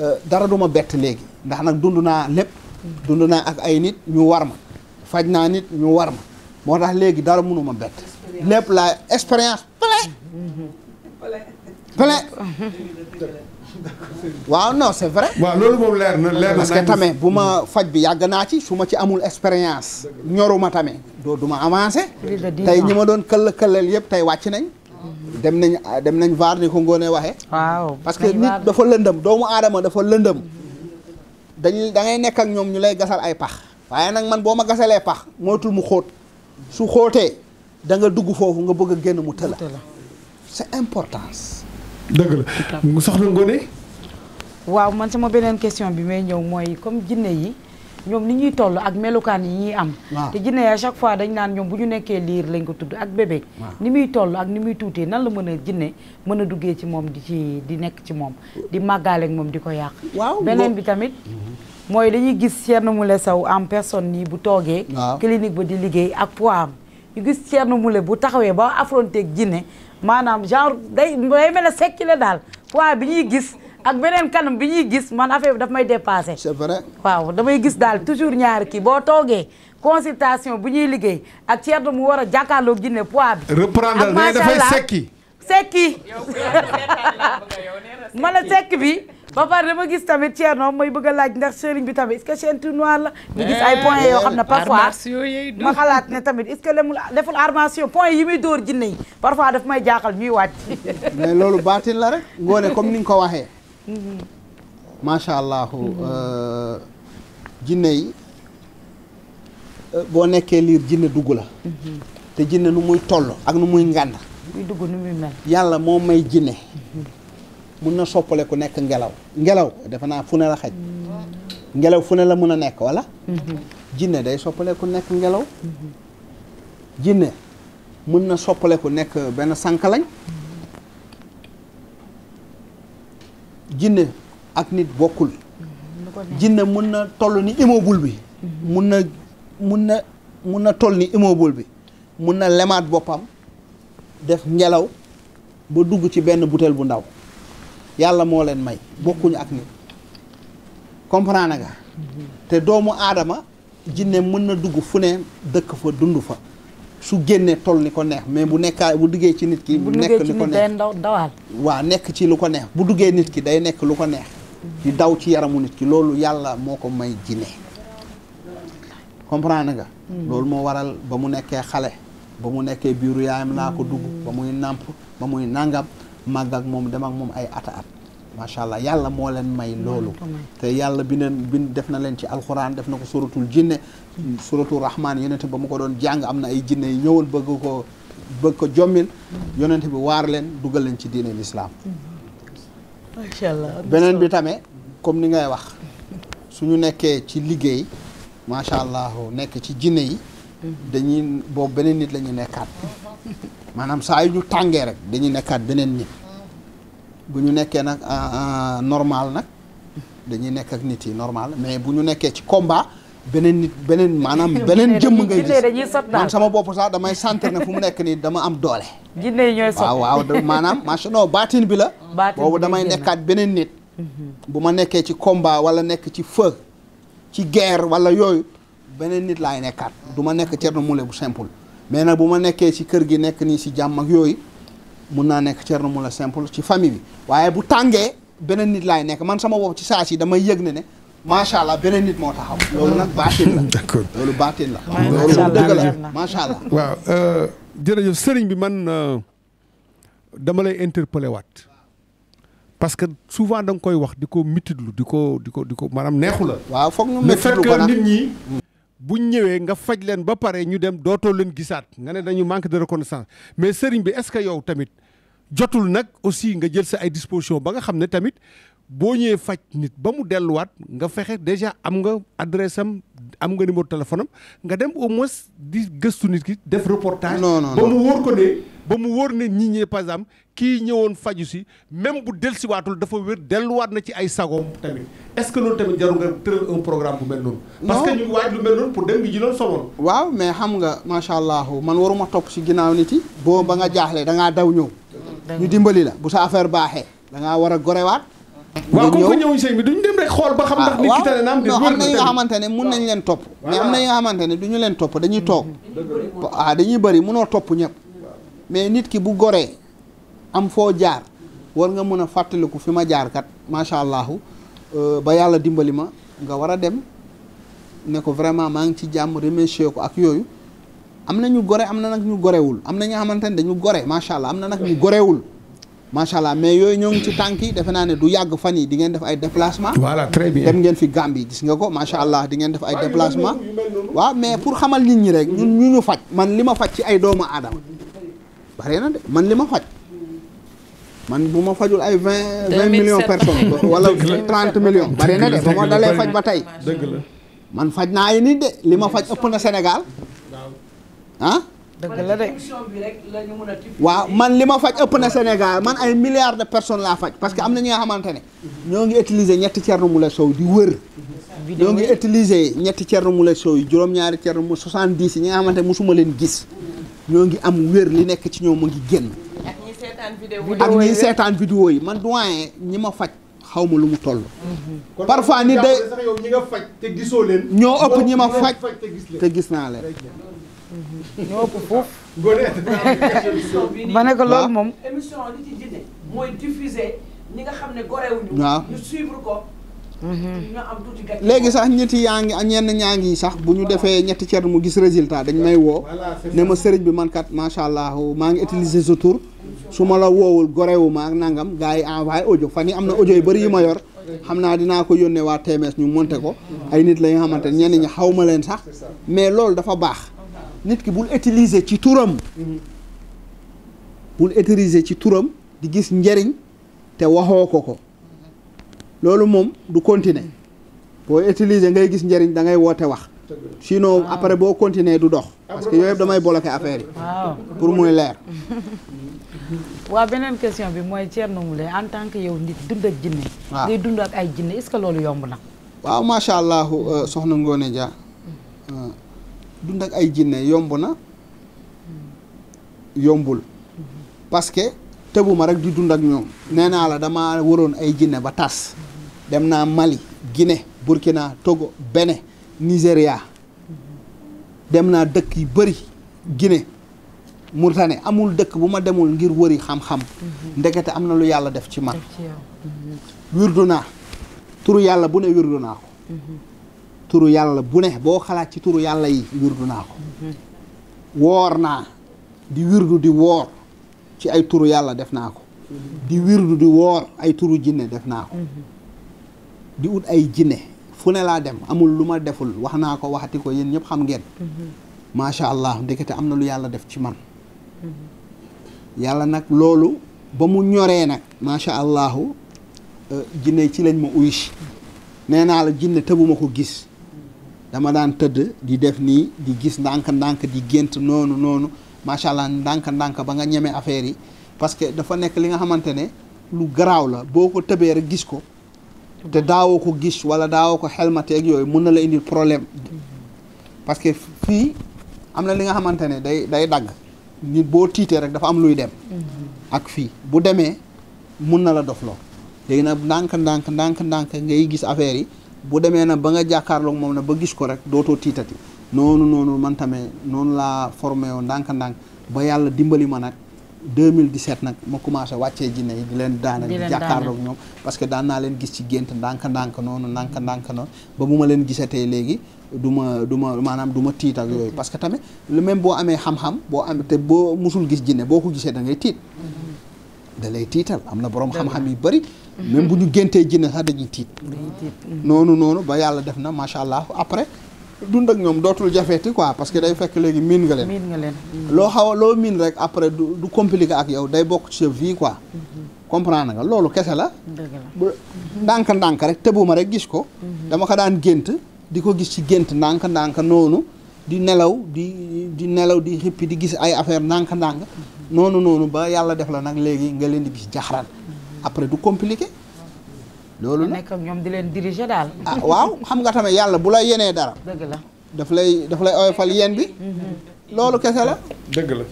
euh, dara duma bett léegi ndax nag dund naa lépp mhm. dund naa ak ay nit ñu war ma faj naa nit ñu war ma moo tax léegi dara mënuma bett népp laa expérience plein plein waaw non c'est vrai waaw loolu moom leer na leer na parce que tamit bu ma faj bi yàgg naa ci su ma ci amul expérience ñoruma tamit doo du ma ñi ma doon këll këllal yëpp tey wàcc nañ dem nañ dem nañ vaar ni ko ngoonee waxee waaw parce que nit dafa lëndëm doomu aadama dafa lëndëm dañuy da ngay ñoom ñu lay gasal ay pax waaye nag man boo ma gasalee pax mootul mu xóot su xootee da nga dugg foofu nga bëgg a génn mu tëla c'est importance dëgg la soxna Ngoné waaw man sama beneen question bi may ñëw mooy comme jinne yi ñoom ni ñuy toll ak melukaan yi ñuy am te jinne yi à chaque fois dañ naan ñoom bu ñu nekkee liir lañ ko tudd ak bébé ni muy toll ak ni muy tuutee nan la mën a jinne mën a duggee ci moom di ci di nekk ci moom di màggaaleeg moom di ko yàq beneen bi tamit mhm. mooy dañuy gis Thierno Moule Sow en personne nii bu toogee. clinique ba di liggéey ak poids am. gis Thierno Moule bu taxawee ba affronté jinne maanaam genre da day mel ne sekki la daal poids bi ñuy gis ak beneen kanam bi ñuy gis man affaire bi daf may dépassé. c'est vrai waaw damay gis daal toujours ñaar kii boo toogee. consultation bu ñuy liggéey ak Thierno mu war a jàkkaarloo jinne poids bi. reprendre dafay sekki. sekki. ma la sekk bi. ba pare dama gis tamit Thierno mooy bëgg a laaj ndax sëriñ bi tamit est-ce que chaîne tout noir la ñu gis ay points yoo xam ne eh, parfois ma xalaat ne tamit est-ce que lemul deful armation points yi muy dóor jinne yi parfois dafa may jaaxal ñuy wàcc <laughs> mais loolu baatin la rek ngoone comme ni nga ko waxee mm-hmm. macha allah euh, jinne yi euh, boo nekkee liir jinne dugg la mm-hmm. te jinne nu muy toll ak nu muy ngànd muy dugg nu muy mel yàlla moo may jinne mm-hmm. mun na soppale ku nekk ngelaw ngelaw defe naa fu ne la xaj ngelaw fu ne la mun a nekk wala jinne day soppale ku nekk ngelaw jinne mun na soppale ku nekk benn sànkalañ jinne ak nit bokkul jinne mun na toll ni immeuble bi mun na mun na mun na toll ni immeuble bi mun na lemaat boppam def ngelaw ba dugg ci benn butéel bu ndaw yàlla moo leen may bokkuñu ak nit comprendre nga te doomu aadama jinne mën na dugg fu ne dëkk fa dund fa su génnee toll ni ko neex mais bu nekkaay bu duggee ci nit ki bu nekk li ko neex waaw nekk ci lu ko neex bu duggee nit ki day nekk lu ko neex di daw ci yaramu nit ki loolu yàlla moo ko may jinne comprendre nga hmm. loolu moo waral ba mu nekkee xale ba mu nekkee biiru yaayam laa ko dugg ba muy nàmp ba muy nàngam màgg ak moom dem ak moom ay ata at macha allah yàlla moo leen may loolu te yàlla bi neen bi def na leen ci alxuraan def na ko suratul jinne suratul rahmaan yonente ba mu ko doon jàng am na ay jinne yi ñëwoon bëgg ko bëgg ko jommil yonente bi waar leen dugal leen ci diine lislaam beneen bi tamit comme ni ngay wax su ñu nekkee ci liggéey macha allah nekk ci jinne yi mm-hmm. dañuy boobu beneen nit lañu nekkaat <laughs> maanaam saa yu ñu tàngee rek dañuy nekkaat beneen nit bu ñu nekkee nag ah, ah, normal nag dañuy nekk ak nit yi normal mais bu ñu nekkee ci combat beneen nit beneen maanaam <laughs> beneen jëmm ngay gis man sama bopp saa damay sentir ne fu mu nekk nii dama am doole jinne yi ñooy waaw waaw maanaam macha non baatin bi la boobu damay nekkaat beneen nit mhm. bu ma nekkee ci komba wala nekk ci feu ci guerre wala yooyu beneen nit laay nekkaat du ma nekk na Moule bu simple mais nag bu ma nekkee ci kër gi nekk nii si jàmm ak yooyu mun naa nekk na Thierno la Simple ci famille bi waaye bu tàngee beneen nit laay nekk man sama bopp ci saa si damay yëg ne ne macha allah beneen nit moo taxaw. loolu nag baatin la d'accord loolu baatin la. macha allah loolu dëgg la macha allah. waaw euh, jërëjëf sëriñ bi man euh, dama lay interpeller waat. que souvent da koy wax di ko mitidlu di ko di ko di ko maanaam neexu la. waaw foog ñu métti lu ko nit ñi. Hmm. buñ ñëwee nga faj leen ba pare ñu dem dootoo leen gisaat nga ne dañu manque de reconnaissance mais sëriñ bi est-ce que yow tamit jotul nag aussi nga jël sa ay disposition ba nga xam ne tamit boo ñëwee faj nit ba mu delluwaat nga fexe déjà am nga adresse am am nga numéro téléphone nga dem au moins di gëstu nit ki def euh, reportage ba mu wóor ko ne ba mu wóor ne ñi ñee par exemple kii ñëwoon faju si même bu dellusiwaatul dafa wér delluwaat na ci ay sagoom tamit est-ce que loolu tamit jaru nga tëral un programme bu mel noonu. parce ñu lu mel noonu pour dem bi ji loon soloon. xam nga macha allah man waruma topp si ginnaaw nit yi. boo ba nga jaaxle da ngaa daw ñëw. ñu dimbali la bu sa affaire baaxee. dangaa war a gorewaat. waaw comme que ñëw sëñ bi duñ dem rek xool ba xam ndax nit ki ah, tane na xamante ne mun nañ leen topp mais am na ñi ne du ñu leen topp dañuy toog ah dañuy bëri munoo topp ñëpp mais nit ki bu gore am foo jaar war nga mën a fàttaliku fi ma jaar kat macha allah euh, ba yàlla dimbali ma nga war a dem ne ko vraiment maa ngi ci jàmm remercier ko ak yooyu am na ñu gore am na nag ñu gorewul am na ñoo xamante ne dañu gore macha allah am na nag ñu gorewul macha allah mais yooyu ñoo ngi ci tànk yi defe naa ne du yàgg fan yi di ngeen def ay déplacement très bien dem ngeen fi Gambie gis nga ko macha allah di ngeen def ay déplacement waaw mais pour xamal nit ñi rek ñun ñu ñu faj man li ma faj ci ay doomu aadama bare na man li ma faj man bu ma fajul ay vingt vingt millions personnes <laughs> wala trente millions bari na de ba ma dalee faj ba tey dëgg man faj naa ay nit de li ma faj ëpp na Sénégal ah dëgg la de waaw man li ma faj ëpp na Sénégal man ay milliards de personnes laa faj parce que am na ñi nga xamante ne ñoo ngi utiliser ñetti Thierno Moule Sow di wër ñoo ngi utiliser ñetti Thierno Moule Sow yi juróom-ñaari Thierno Moule soixante-dix yi ñi nga xamante ne leen gis ñoo ngi am wér li nekk ci ñoom mu ngi ak ñi seetaan vidéo yi man doyen ñi ma faj xaw ma lu mu toll. parfois nit day ñi faj te gisoo leen. ñoo ëpp ñi ma faj te gis naa leen. <laughs> ñoo ëpp <laughs> ma ne ko loolu moom. émission li ci jinne mooy diffuser ñi nga xam ne gorewuñu. waaw ko. Mm-hmm. léegi sax ñetti yaa ngi ñenn ñaa ngi sax bu ñu defee ñetti cer mu gis résultat dañ may woo ne ma sëriñ bi mankat kat macha allah maa ngi utiliser sa tur su ma la woowul gorewu ma ak nangam gars yi envoyé audio fan yi am na audio yi bëri yi ma yor xam naa dinaa ko yónnee waa TMS ñu monté ko ay nit la nga xamante ne ñenn ñi xaw ma leen sax mais loolu dafa baax nit ki bul utiliser ci turam mm-hmm. bul utiliser ci turam di gis njëriñ te waxoo ko ko. loolu moom du continuer boo utiliser ngay gis njëriñ da ngay woote wax sinon ah. après boo continuer du dox parce que yooyu yëpp damay bloqué affaire yi ah. pour muy leer <laughs> waa beneen question bi mooy Thierno Moule en tant que yow nit dund ak jinne waaw ah. ngay dund ak ay jinne que loolu yomb na waaw macha allah euh, soxna Ngoone Dia euh, ay jinne yomb na yombul parce que tëbuma rek di dund ak ñoom nee naa la dama waroon ay jinne ba tas dem naa Mali Guinée Burkina Togo Bénin Nigéria dem naa dëkk yi bari gine Guinée Mauritanie amul dëkk bu ma demul ngir wëri xam-xam mhm. ndekete am na lu yàlla def ci man mhm. wirdu naa turu yàlla bu ne wirdu naa ko mhm. turu yàlla bu ne boo xalaat ci turu yàlla yi wirdu naa ko woor naa di wirdu di woor ci ay turu yàlla def naa ko di wirdu di woor ay turu jinne def naa ko di ut ay jinne fu ne laa dem amul lu ma deful wax naa ko waxti ko yenn ñëpp xam ngeen mm-hmm. macha allah ndekete am na lu yàlla def ci man mm-hmm. yàlla nag loolu ba mu ñoree nag macha allahu euh, jinne ci lañ ma uyusi nee naa la jinne tëbuma ko gis dama daan tëdd di def nii di gis ndànk ndànk di gént noonu noonu macha allah ndànk ndànk ba nga ñeme affaire yi parce que dafa nekk li nga xamante ne lu garaaw la boo ko tëbee rek gis ko te daawoo ko gis wala daawoo ko xelmateeg yooyu mun na la indil problème parce que fii am na li nga xamante ne day day dagg nit boo tiitee rek dafa am luy dem mm-hmm. ak fii bu demee mun na la dofloo léegi nag ndànk ndànk ndànk ndànk ngay gis affaire yi bu demee nag ba nga jàkkaarloog moom na ba gis ko rek dootoo tiitati noonu noonu man tamit noonu laa formé woon ndànk ndànk ba yàlla dimbali ma nag deux mille 2017 nag ma commencé wàccee jinne yi di leen daana di jàkkaarloog ñoom parce que daan naa leen gis ci gént ndànk-ndànk noonu ndànk-ndànk noonu ba mu ma leen gisatee léegi du ma du ma maanaam du ma tiit yooyu parce que tamit lu même boo amee xam boo am boo musul gis jinne boo ko gisee da ngay tiit mm-hmm. da lay tiital am na borom xam-xam yu bëri mm-hmm. même bu ñu géntee jinne sax dañuy tiit noonu ba yàlla def na macha allah après dund ak ñoom dootul jafeeti quoi parce que day fekk léegi miin nga leen. miin loo xaw a loo miin rek après du du compliqué ak yow day bokk ci sa vie quoi. Mm-hmm. comprendre nga loolu kese la. ndànk ndànk rek tëbuma rek gis ko. Mm-hmm. dama ko daan gént di ko gis ci gént ndànk ndànk noonu. di nelaw di di nelaw di xippi di gis ay affaire ndànk-ndànk mm-hmm. noonu noonu ba yàlla def la nag léegi nga leen di gis jaxaraan après du compliqué loolu nekk ak ñoom di leen diriger daal. ah waaw xam nga tamit yàlla bu la yenee dara. dëgg la daf lay daf lay oyofal yéen bi. Mm-hmm. loolu kese la. dëgg la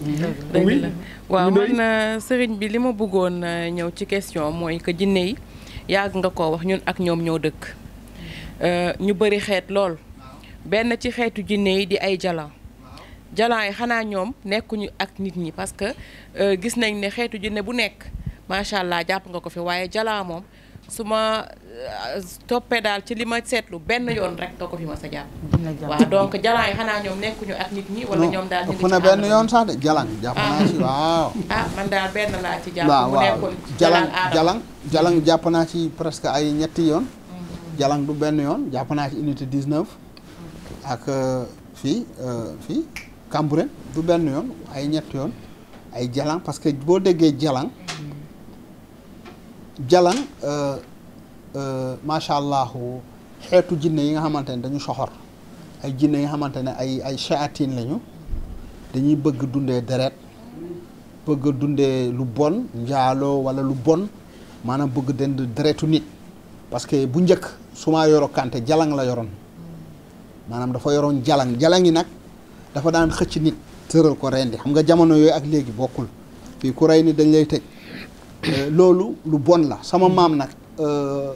dëgg la waaw man euh, sëriñ bi li ma bëggoon euh, ñëw ci question mooy que jinne yi yàgg nga koo wax ñun ak ñoom ñoo dëkk. Euh, ñu bëri xeet lool benn ci xeetu jinne yi di ay jalan jalan yi xanaa ñoom nekkuñu ak nit ñi parce que gis nañ ne xeetu jinne bu nekk macha allah jàpp nga ko fi waaye jalan moom. su ma euh, toppee daal ci li ma seetlu benn yoon rek doo ko fi ma sa jàpp. waaw donc jalan yi xanaa ñoom nekkuñu ak nit ñi. wala ñoom daal ñu ngi ci benn jàpp naa ci presque ay ñetti yoon. Mm-hmm. jalan du benn yoon jàpp naa ci unité 19. ak euh, fii euh, fii Cambérène du benn yoon ay ñetti yoon ay jalan parce que boo déggee jalan. jalan euh, euh, macha allah xeetu jinne yi nga xamante ne dañu soxor ay jinne yi nga xamante ne ay ay shayatin lañu dañuy bëgg dundee deret bëgg dundee lu bon njaaloo wala lu bon maanaam bëgg dend deretu nit parce que bu njëkk suma yoro kante jalang la yoroon maanaam dafa yoroon jalang jalang yi nag dafa daan xëcc nit tëral ko rendi xam nga jamono yooyu ak léegi bokkul fii ku rey ni dañ lay tëj Euh, loolu lu bon la sama hmm. maam nag euh,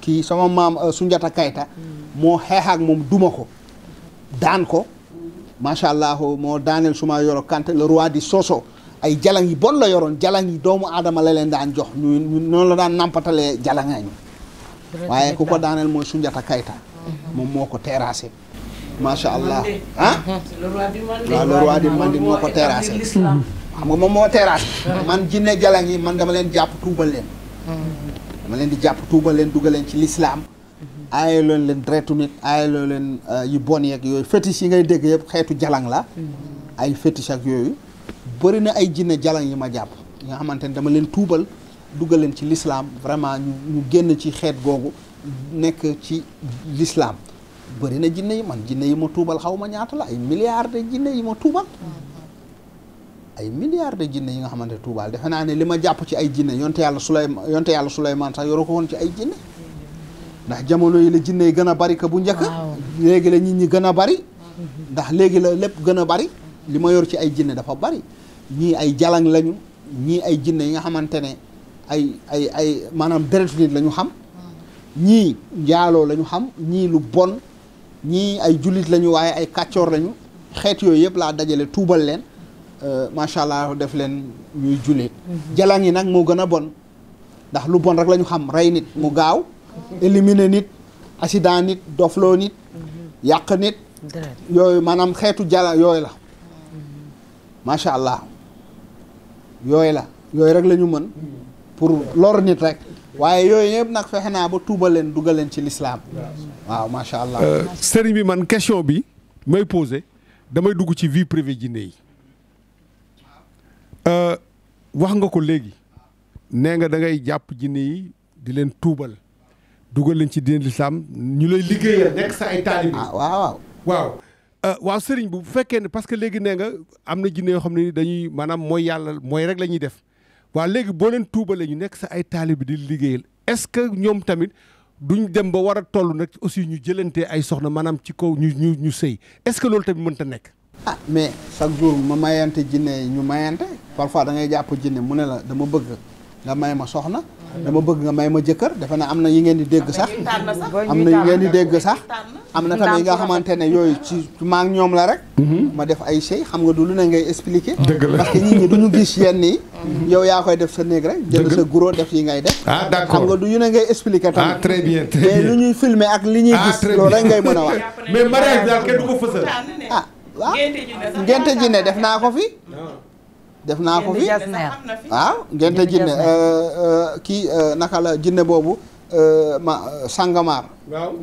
kii sama maam euh, Sunjata Kayta hmm. moo xeex moom duma ko daan ko macha allah moo daaneel suma yoro Kanté le roi di Soso ay jalang yi bon la yoroon jalan yi doomu aadama la leen daan jox ñu la daan nàmpatalee jalangaa ñu waaye ku ko daaneel mooy Sunjata Kayta hmm. moom moo ko terrassé macha allah ah le roi di Mandi moo ko terrassé xam nga moom moo terrasse. man jinne jalan yi man dama leen jàpp tuubal leen. Hmm. dama leen di jàpp tuubal leen dugal leen ci lislaam hmm. aaye loon leen dretu nit aaye loon leen euh, yu bon yeeg yooyu fétiche yi ngay dégg yëpp xeetu jalan la. Hmm. ay fétiche ak yooyu. bëri na ay jinne jalan yi ma jàpp yi nga xamante ni dama leen tuubal dugal leen ci lislaam vraiment ñu génn ci xeet googu nekk ci lislaam bëri na jinne yi man jinne yi ma tuubal xaw ma ñaata la ay milliards de jinne ma tuubal. ay milliards de jinne yi nga xamante Touba defe naa ne li ma jàpp ci ay jinne yonte yàlla Souleymane yonte yàlla Souleymane sax yoroo ko woon ci ay jinne ndax jamono yi la jinne yi gën a bari ka bu njëkk léegi la nit ñi gën a bari ndax léegi la lépp gën a bari li ma yor ci ay jinne dafa bari ñii ay jalang lañu ñii ay jinne yi nga xamante ne ay ay ay maanaam deretu nit la xam ñii njaaloo lañu xam ñii lu bon ñii ay jullit lañu waaye ay kàccoor lañu xeet yooyu yëpp laa dajale tuubal leen Euh, macha allah def leen ñuy jullit. jalan yi nag moo gën a bon ndax lu bon rek lañu xam rey nit mu gaaw. éliminer nit accident nit dofloo nit. yàq nit. yooyu maanaam xeetu jala yooyu la. macha allah yooyu la yooyu rek lañu mën. pour lor nit rek. waaye yooyu yëpp nag fexe naa ba tuubal leen dugal leen ci lislaam waaw macha allah. Euh, sëriñ bi man question bi may posé damay dugg ci vie privée jinne yi. Euh, wax nga ko léegi nee nga dangay jàpp jinne yi di leen tuubal dugal leen ci diine lislaam ñu lay liggéeyal nekk sa ay taalibe ah waaw waaw. Euh, waaw sëriñ bu fekkee ne parce que léegi nee nga am na jinne yoo xam ne dañuy maanaam mooy yàlla mooy rek la ñuy def waaw léegi boo leen tuubalee ñu nekk sa ay taalibe di liggéeyal est-ce que ñoom tamit duñ dem ba war a toll nag aussi ñu jëlantee ay soxna maanaam ci kaw ñu ñu ñu sëy est-ce que loolu tamit mënta nekk. ah mais chaque jour ma mayante jinne ñu mayante parfois da ngay jàpp jinne mu ne la dama bëgg nga may ma soxna dama bëgg nga may ma jëkkër defe naa am na yi ngeen di dégg sax am na yi ngeen di dégg sax am na tamit yi nga xamante ne yooyu ci maa ñoom la rek mhm. ma def ay sëy xam nga du lu ne ngay expliquer parce que nit ñi du ñu gis yenn yi mhm. yow yaa koy def sa néeg rek jël sa guro def yi ngay def ah d'accord xam nga du ñu ne ngay expliquer tamit ah, très bien mais lu ñuy filmer ak li ñuy ah, gis loolu rek ngay mën a wax <laughs> mais mariage daal kenn du ko fësal ah, waaw ngénte jinne def naa ko fi def naa ko fi waaw ngénte jinne euh, euh, kii euh, naka la jinne boobu ma sangamaar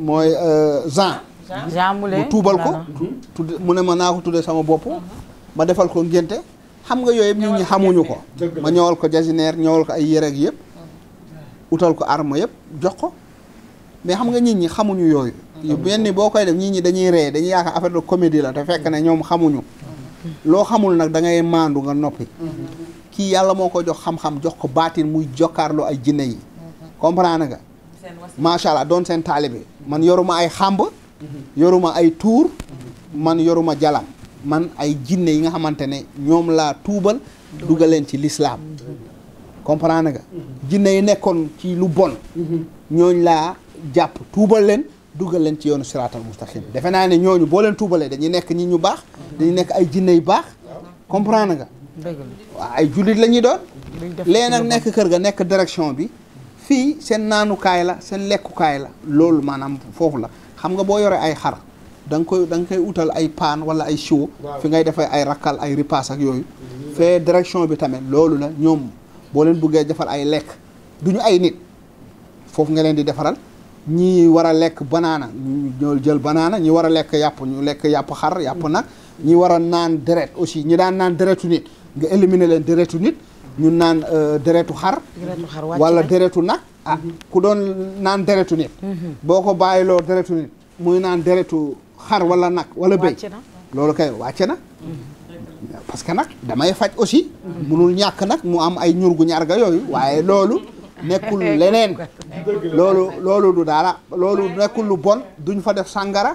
mooy Jean mu tuubal ko mhm. tudd mu ne ma naa ko tudde sama bopp ma defal ko ngénte xam nga yooyu yëpp nit ñi xamuñu ko ma ñëwal ko jasineer ñëwal ko ay yéreg yëpp mhm. utal ko arme yëpp jox ko mais xam nga nit ñi xamuñu yooyu yu benn boo koy def ñii ñi dañuy ree dañuy yaakaar affaire de comédie la te fekk ne ñoom xamuñu loo xamul nag da ngay maandu nga noppi kii yàlla moo ko jox xam-xam jox ko baatin muy jokkaarloo ay jinne yi comprendre nga macha allah doon seen taalibe man yoruma ay xàmb yoruma ay tuur man yoruma jalam man ay jinne yi nga xamante ne ñoom laa tuubal leen ci lislaam comprendre ga jinne yi nekkoon ci lu bon ñooñ laa jàpp tuubal leen duggal leen ci yoonu siraatal mustaqim defe naa ne ñooñu boo leen tuubalee dañuy nekk ñi ñu baax dañu nekk ay jinne yu baax comprendre nga waaw ay jullit la ñuy doon léegi nag nekk kër ga nekk direction bi fii seen naanukaay la seen lekkukaay la loolu maanaam foofu la xam nga boo yore ay xar da koy da koy wutal ay paan wala ay siwo fi ngay defee ay rakkal ay ripaas ak yooyu fee direction bi tamit loolu la ñoom boo leen bëggee defal ay lekk du ñu ay nit foofu nga leen di defaral ñi war a lekk banaana ñoo jël banaana ñi war a lekk yàpp ñu lekk yàpp xar yàpp nag ñi war a naan deret aussi ñi daan naan deretu nit nga éliminer leen deretu nit ñu naan euh, deretu xar wala deretu nag ah mhm. ku doon naan deretu nit mhm. boo ko bàyyiloo deretu nit muy naan deretu xar wala nag wala béy loolu kay wàcce na mhm. parce que nag damay faj aussi mënul ñàkk nag mu am ay ñurgu ñarga yooyu waaye loolu nekkul leneen loolu loolu du dara loolu nekkul lu bon duñ fa def sàngara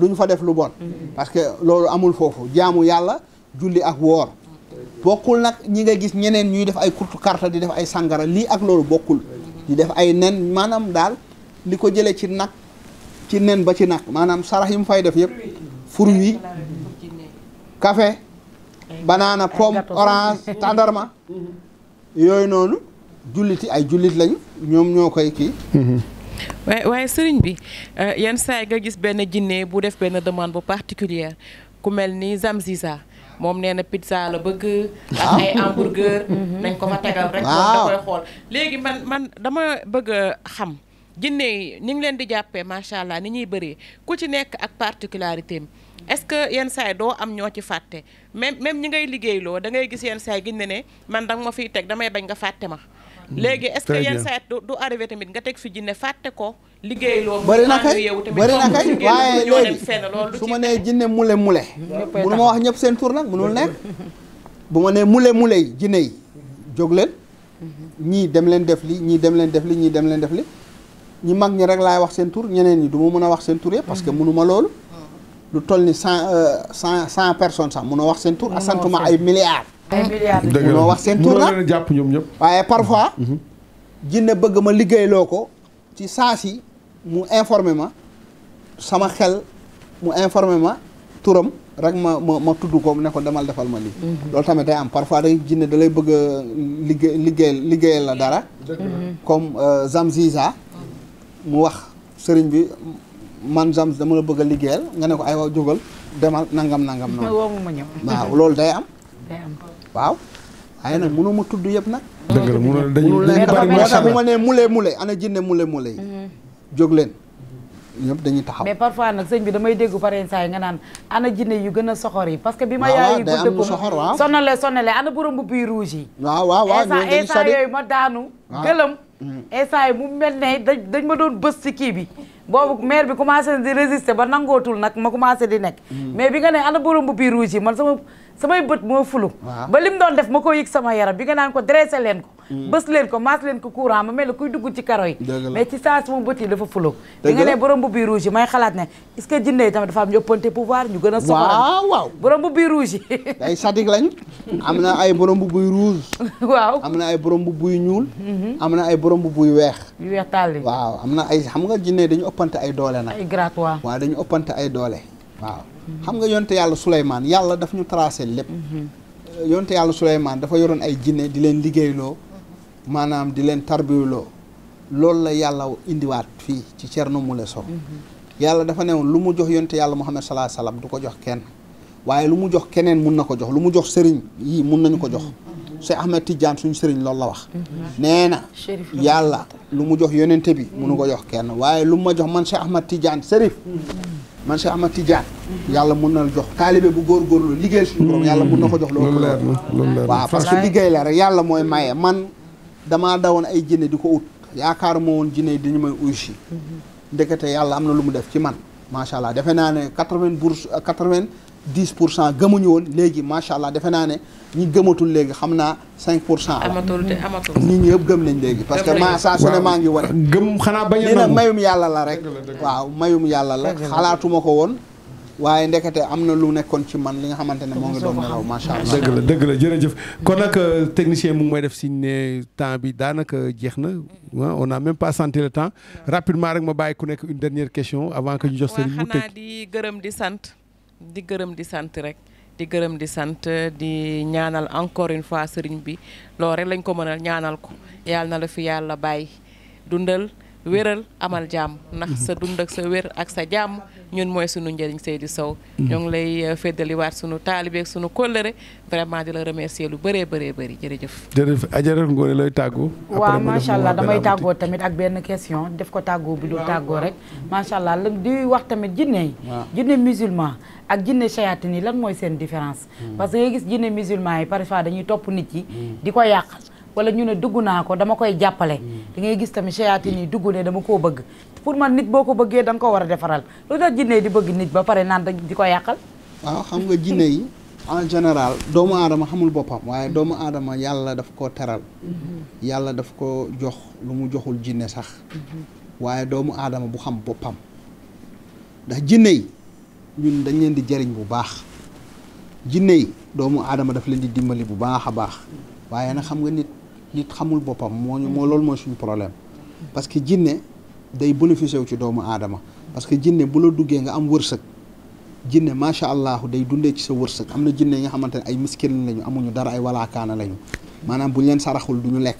duñ fa def lu bon parce que loolu amul foofu jaamu yàlla julli ak woor bokkul nag ñi nga gis ñeneen ñuy def ay kurtu karta di def ay sàngara lii ak loolu bokkul di def ay nen maanaam daal li ko jëlee ci nag ci nen ba ci nag maanaam sarax yi mu fay def yëpp fruits café banaana pomme orange tandarma yooyu noonu yi ay jullit lañu ñoom ñoo koy kii. waaye waaye sëriñ bi euh, yenn saa nga gis benn jinne bu def benn demande bu particulière ku mel ni Zamziza moom nee na pizza la bëgg. ak ah. ay hamburger. <laughs> Mhm. nañ ko fa tegal rek. waaw da koy xool léegi man man dama bëgg a xam. jinne yi ni ngi leen di jàppee macha allah ni ñuy bëree ku ci nekk ak particularité am est-ce que yenn saay doo am ñoo ci fàtte même même ñi ngay liggéeyloo da ngay gis yenn saay ginne ne ne man danga ma fiy teg damay bañ nga fàtte ma. Mm. léegi est-ce que yenn du arrivé tamit nga teg fi jinne fàtte ko liggéey loolu bëri na kay bëri na kay waaye léegi su ma nee jinne mule mule <laughs> mënu ma wax ñëpp seen tur nag mënul nekk bu ma nee mule mule yi jinne yi jóg leen ñii dem leen def li ñii dem leen def li ñii dem leen def li ñi mag ñi rek laay wax seen tur ñeneen ñi du ma mën a wax seen tur yëpp parce que mm-hmm. mënuma loolu lu toll ni cent euh, cent cent personnes sax munoo wax seen a asantuma ay milliards ay eh? milliards wax seen tur nag jàpp ñoom ñëpp waaye parfois mhm. Mhm. jinne bëgg ma liggéeyloo ko ci saa si mu informé ma sama xel mu informé ma turam rek ma ma ma tudd ko ne demal defal ma lii mhm. loolu tamit day am parfois day jinne da bëgg liggéey liggéeyal la dara comme euh, Zamziza mu wax sëriñ bi man Zams dama la bëgg a liggéeyal nga ne ko ay waaw jógal demal nangam nangam noonu. <laughs> woo ma ñëw waaw loolu day am. waaw. ay nag mënu ma tudd yëpp nag. dëgg la mënu dañuy dañuy bari macha allah bu ma nee mule mule ana jinne mule mule yi. Mm-hmm. jóg leen ñëpp dañuy taxaw. mais parfois nag sëñ bi damay dégg pareen saa yi nga naan ana jinne yu gën a soxor yi parce que bi ma. yaay day am lu soxor waaw sonale sonale ana borom bu biir rouge yi. waaw waaw waaw ñooñu dañuy sori yooyu ma daanu. gëlëm mm-hmm. instant yi mu mel ne dañ ma doon bës ci kii bi. boobu maire bi commencé na di résister ba nangootul nag ma commencé di nekk. Hmm. mais bi nga ne ana borom bu biir rouge yi man sama samay bët moo fulu. ba lim doon def ma ko yëg sama yaram bi nga naan ko dressé leen ko. Mm. bës leen ko maas leen ko courant ma mel ne kuy dugg ci karo yi mais ci saa sama bët yi dafa fuloo di ne borom bu biir rouge yi may xalaat ne est jinne yi tamit dafa am ñu ëppante pouvoir ñu gën a soxla waaw waaw borom bu biir rouge yi ay sadik lañ am na ay borom bu buy rouge <laughs> waaw am na ay borom bu buy ñuul mhm. am na ay borom bu buy weex yu weex tàlli waaw am na ay xam nga jinne dañu ëppante ay doole nag ay gratte waaw waaw dañu ëppante ay doole waaw mhm. xam nga yonte yàlla Souleymane yàlla daf ñu tracé lépp mhm. yonte yàlla Souleymane dafa yoroon ay jinne di leen liggéeyloo maanaam di leen tarbiyuloo loolu la yàlla indiwaat fii ci mu Moule so mhm. yàlla dafa ne woon lu mu jox yonte yàlla Muhammad salaa salaam du ko jox kenn waaye lu mu jox keneen mun na ko jox lu mu jox sëriñ yii mun nañu ko jox mhm. Cheikh Ahmed Tidiane suñu sëriñ loolu la wax mhm. yàlla lu mu jox yonente bi munu ko jox kenn waaye lu ma jox man Cheikh Ahmed Tidiane sërif man Cheikh Ahmed Tidiane yàlla mun na jox taalibe bu góor góorgóorlu liggéey suñu borom yàlla mun na ko jox loolu waaw la rek yàlla mooy maye man damaa dawoon ay jinne di ko ut yaakaaruma woon jinne dañu may uyu si ndekete yàlla am na lu mu def ci man macha allah defe naa ne quatre vingt pour quatre vingt dix pour cent gëmuñu woon léegi macha allah defe naa ne ñi gëmatul léegi xam naa cinq pour cent. amatul te amatul nit yëpp gëm nañ léegi. parce que ma saa su ne maa ngi wane. gëm xanaa bañ a nangu mayum yàlla la rek. waaw mayum yàlla la xalaatuma ko woon. waaye ndekete am na lu nekkoon ci man li nga xamante ne moo ngi doon nelaw macha allah. dëgg la dëgg la jërëjëf kon nag euh, technicien mu may def signe ne temps bi daanaka jeex na on a même pas senti le temps rapidement rek ma bàyyi ku nekk une dernière question avant que ñu jox sëriñ mu di gërëm di sant di gërëm di sant rek. di gërëm di sant di ñaanal encore une fois bi loolu rek lañ ko mënal ñaanal ko yàlla na la fi yàlla bàyyi dundal wéral amal jàmm ndax sa dund ak sa wér ak sa jàmm ñun mooy sunu njëriñ Seydou Sow mm-hmm. ñoo lay euh, féddaliwaat sunu taalibeeg sunu kóllëre vraiment di la remercier lu bëree bëree bëri jërëjëf jërëjëf ajarat ngoone looy tàggu waaw macha allah damay tàggoo tamit ak benn question def ko tàggoo bi du tàggoo rek macha allah la di wax tamit jinne yi jinne musulman ak jinne sayaatin nii lan mooy seen différence mm. parce que nga gis jinne musulman yi parfois dañuy topp nit yi mm. di ko yàq wala ñu ne dugg naa ko dama koy jàppale mm. da ngay gis tamit seytaane yi dugg ne dama koo bëgg pour man nit boo ko bëggee da ko war a defaral lu tax jinne di bëgg nit ba pare naan di ko yàqal waaw xam nga jinne en général doomu aadama xamul boppam waaye mm. doomu aadama yàlla daf ko teral mm-hmm. yàlla daf ko jox lu mu joxul jinne sax mm-hmm. waaye doomu aadama bu xam boppam ndax jinne yi ñun dañ leen di jëriñ bu baax jinne yi doomu aadama daf leen di dimbali bu baax a baax mm. waaye na xam nga nit nit xamul boppam moo ñu moo mm-hmm. loolu mooy suñu problème parce que jinne day bénéficier wu ci doomu aadama parce que jinne bu la duggee nga am wërsëg jinne macha allah day dundee ci sa wërsëg am na jinne yi nga xamante ne ay miskin lañu amuñu dara ay walaakaana lañu maanaam bu ñu leen saraxul du ñu lekk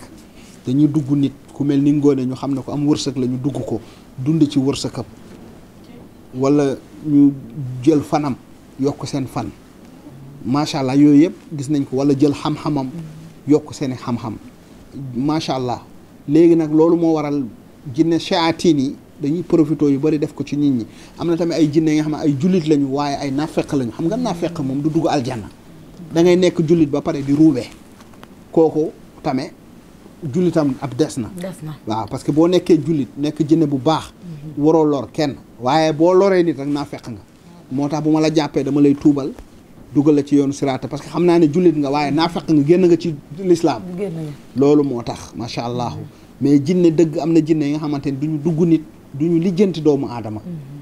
dañuy dugg nit ku mel ni ngoone ñu xam ne ko am wërsëg la ñu dugg ko dund ci wërsëgam wala ñu jël fanam yokk seen fan macha allah yooyu yëpp gis nañ ko wala jël xam yokk seeni xam-xam. macha allah léegi nag loolu moo waral jinne shayaatin yi dañuy profité yu bari def ko ci nit ñi am na tamit ay jinne yi nga xam ne ay jullit lañu waaye ay naafeq lañu xam nga naafeq moom du dugg aljanna da ngay nekk jullit ba pare di ruubee kooku tamit jullitam ab des na. waaw parce que boo nekkee jullit nekk jinne bu baax. waroo lor kenn waaye boo loree nit rek naafeq nga. moo tax bu ma la jàppee dama lay tuubal. dugal la ci yoonu siraata parce que xam naa ne jullit nga waaye naa fekk nga génn nga ci lislaam loolu moo tax macha allah mais jinne dëgg am na jinne yi nga xamante ni duñu dugg nit duñu lijjanti doomu aadama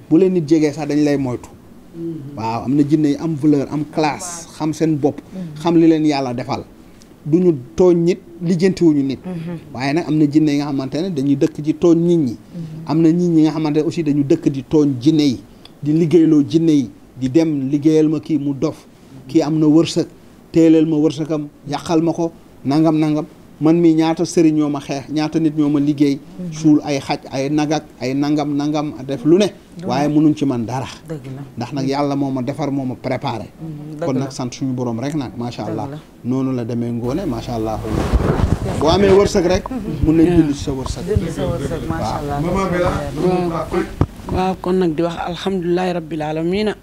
bu leen nit jegee sax dañ lay moytu waaw am na jinne yi am valeur am classe xam seen bopp xam li leen yàlla defal duñu tooñ nit lijjantiwuñu nit waaye nag am na jinne yi nga xamante ne dañuy dëkk ci tooñ nit ñi am na nit ñi nga xamante ne aussi dañu dëkk di tooñ jinne yi di liggéeyloo jinne yi di dem liggéeyal ma kii mu dof kii am na wërsëg téeleel ma wërsëgam yàqal ma ko nangam nangam man mi ñaata sëriñ ñoo ma xeex ñaata nit ñoo ma liggéey mhm. suul ay xaj ay nagak ay nangam nangam def lu ne waaye mënuñ ci man dara ndax nag yàlla moo ma defar moo a préparé mhm, kon nag sant suñu borom rek nag macha allah noonu la demee ngoone macha allah boo amee wërsëg rek mhm. mun nañ dund sa wërsëg waaw kon nag di wax alhamdulilahi rabbil alamina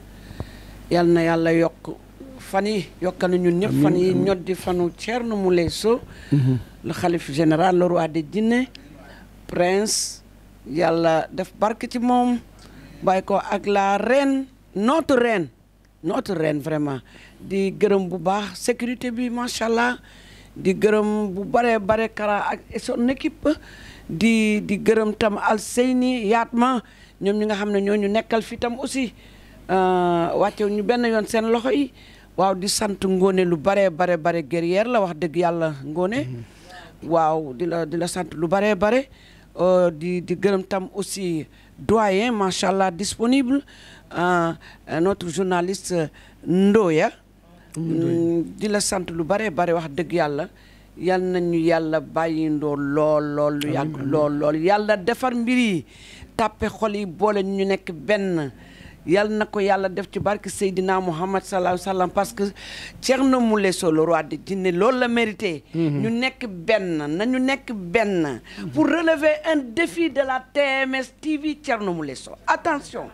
yal na yàlla yokk fan yi yokkal nañu ñëpp fan yi ñod di fanu Thierno Moulé Sow mhm. le xalif général le roi de Guinée prince yàlla def bark ci moom bàyyi ko ak la ren notre ren notre ren vraiment di gërëm bu baax sécurité bi macha allah di gërëm bu bare bare kara ak son équipe di di gërëm tam Alseyni Yaatma ñoom ñi nga xam ne ñoo ñu nekkal fi tam aussi euh, wàccew ñu benn yoon seen loxo yi waaw di sant ngoone lu bare bare bare guerrière la wax dëgg yàlla ngoone mhm. waaw di la di la sant lu bare bare euh, di di gërëm tam aussi doyen macha allah disponible euh, notre journaliste ndooya mmh, mm, di la sant lu bare bare wax dëgg yàlla yal ñu yàlla bàyyindoo lool lool lu yàgg lool lool yàlla defar mbir yi tàppe xol yi boole ñu nekk benn yal na ko yàlla def ci barke Seydina Muhammad sallallahu alayhi sallam parce que Thierno Moule Sow le roi loolu la mérité. Mhm. ñu nekk benn na ñu nekk benn. Mhm. pour relever un défi de la TMS TV Thierno Moule Sow attention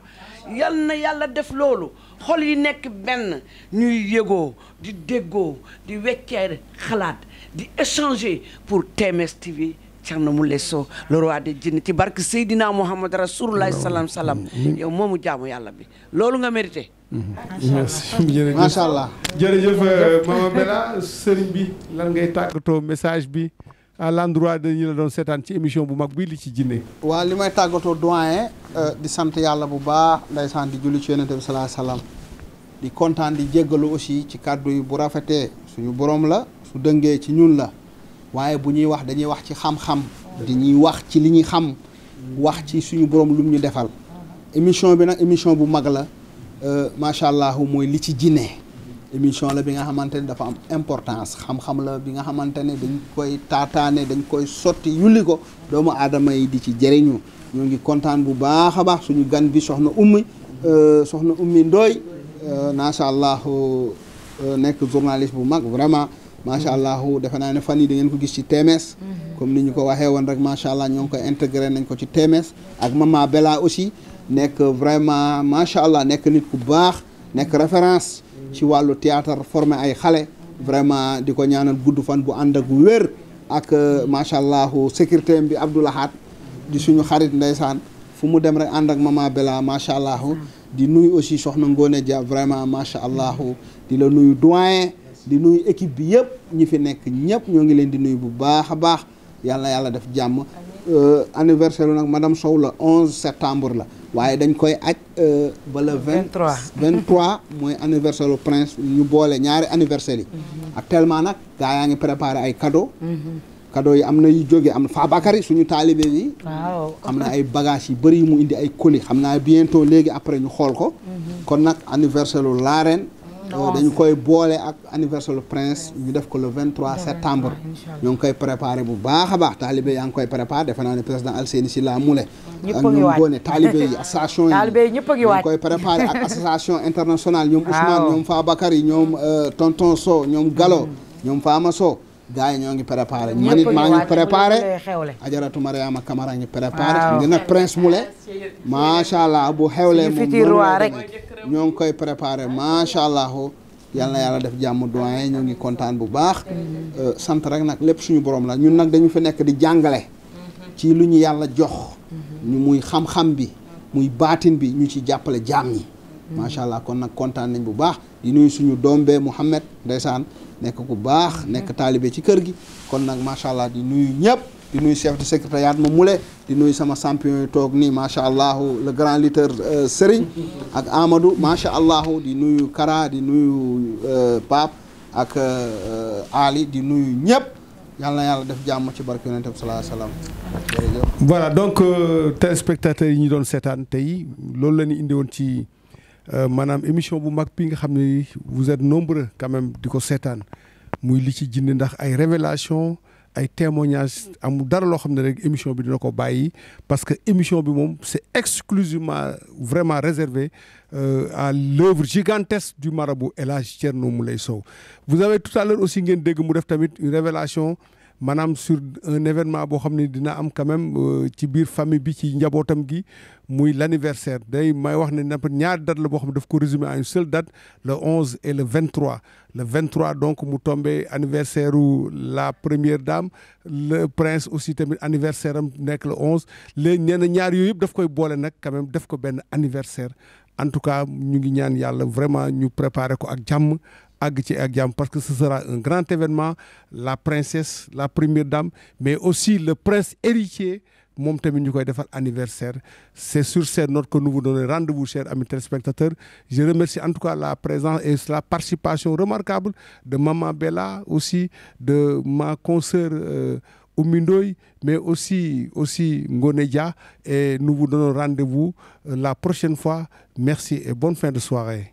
yal na yàlla def loolu xol yi nekk benn ñuy yëgoo di déggoo di wecceer xalaat di échanger pour TMS TV. Cerno Moule Sow le roi des jinne ci barke Seydina Mouhamad Rasulullah salaam salaam mm-hmm. mm-hmm. yow moomu jaamu yàlla bi loolu nga mérité. Mm-hmm. macha allah merci jërëjëf euh, Mama Bella sëriñ bi lan ngay tàggatoo message bi à l'endroit de ñu la doon seetaan ci émission bu mag bii li ci jinne waa li may tàggatoo doyen euh, di sant yàlla bu baax ndeysaan di julli ci yonente bi salaa salaam di kontaan di jéggalu aussi ci kàddu yi bu rafetee suñu borom la su dëngee ci ñun la. waaye bu ñuy wax dañuy wax ci xam-xam dañuy wax ci li ñuy xam wax ci suñu borom lum ñu defal émission bi nag émission bu mag la euh, macha allah mooy li ci jinne émission la bi nga xamante ne dafa am importance xam la bi nga xamante ne dañ taataane dañ koy sotti yulli ko doomu aadama yi di ci jëriñu ñoo ngi kontaan bu baax a baax suñu gan bi soxna ummi euh, soxna ummi ndooy euh, macha allah nekk journaliste bu mag vraiment macha allah defe naa ne fan yi dangeen ko gis ci TMS. Mhm. comme ni ñu ko waxee woon rek macha allah ñoo ngi koy intégré nañ ko ci TMS. ak mama Bella aussi nekk vraiment macha allah nekk nit ku baax nekk référence. ci wàllu théâtre formé ay xale. vraiment di ko ñaanal gudd fan bu ànd ak wér. ak euh, macha allah sécurité bi Abdoulahat di suñu xarit ndeysaan fu mu dem rek ànd ak mama Bella macha allah. Mhm. di nuyu aussi soxna Ngone Dia vraiment macha allah di la nuyu doyen. di nuyu équipe bi yëpp ñu fi nekk ñëpp ñoo ngi leen di nuyu bu baax a baax yàlla yàlla def jàmm euh, anniversaire nag madame Sow la onze septembre la waaye dañ koy aj euh, ba le 23 23 mooy anniversaire lu prince ñu boole ñaari anniversaire yi mm-hmm. actuellement nag gaa yaa ngi préparé ay cadeau mm-hmm. cadeau yi am na yu jóge am na Fabakary suñu taalibe bi waaw am ay bagages yu bëri yu mu indi ay colis xam naa bientôt léegi après ñu xool ko mm-hmm. kon nag anniversaire Euh, dañu koy boole ak anniversaire le prince ñu def ko le 23 septembre ñoo ngi koy préparé bu baax a baax taalibe yaa ngi koy préparé defe naa ne président Alseyni si la mule ak ñoom Ngoné taalibe yi <laughs> association yi ñoo koy préparé ak association internationale ñoom Ousmane ñoom Fabakary ñoom euh, tonton Sow ñoom Gallo mm. ñoom Fama Sow gars yi ñoo ngi préparé man nit maa ngi préparé ajaratu Mariama ma ngi préparé ngi nag prince mule macha allah bu xewlee moom ñoo ngi koy préparé macha allah yàlla yàlla def jàmm doyen ñoo ngi kontaan bu baax. Euh, sant rek nag lépp suñu borom la ñun nag dañu fi nekk di jàngale. ci lu ñu yàlla jox. ñu muy xam-xam bi. muy baatin bi ñu ci jàppale jaam yi macha allah kon nag kontaan nañ bu baax di nuyu suñu doom bee Mouhamed ndeysaan nekk bu baax. nekk taalibe ci kër gi kon nag macha allah di nuyu ñëpp. di nuyu chef de secrétariat ma mule di nuyu sama champion yi toog nii macha allah le grand lutteur euh, Serigne ak Amadou macha allah di nuyu Kara di nuyu euh, Pape ak euh, Ali di nuyu ñëpp yàlla na yàlla def jàmm ci barke yonent bi salaa salaam. donc téléspectateurs yi ñu doon seetaan tey loolu la ñu indi woon ci maanaam émission bu mag bi nga xam ne vous êtes nombreux quand di ko seetaan muy li ci jinne ndax ay révélation ay témoignages amu dara loo xam ne rek émission bi dina ko bàyyi parce que émission bi moom c'est exclusivement vraiment réservé euh, à l'œuvre gigantesque du marabout El Hadj Thierno Moulay Sow vous avez tout à l'heure aussi ngeen dégg mu def tamit une révélation maanaam sur un événement boo xam ne dina am quand même euh, ci biir famille bi ci njabootam gi muy l'anniversaire day may wax ne napp ñaar date boo xam ne daf ko résumer à une seule date le 11 et le 23 le donc mu tombé anniversaire u la dame le aussi tamit anniversaire am nekk le 11 léegi nee na yëpp daf koy boole nag def ko benn anniversaire en tout cas ñu ngi ñaan yàlla vraiment ñu préparer ko ak jàmm àgg ci ak jàmm parce que ce sera un grand événement la princesse la première dame mais aussi le prince héritier moom tamit ñu koy defal anniversaire c'est sur cette note que nous vous donnons rendez-vous chers amis téléspectateurs je remercie en tout cas la présence et la participation remarquable de Maman Bella aussi de ma consoeur euh, Oumindoy mais aussi aussi Ngoné e et nous vous donnons rendez-vous euh, la prochaine fois merci et bonne fin de soirée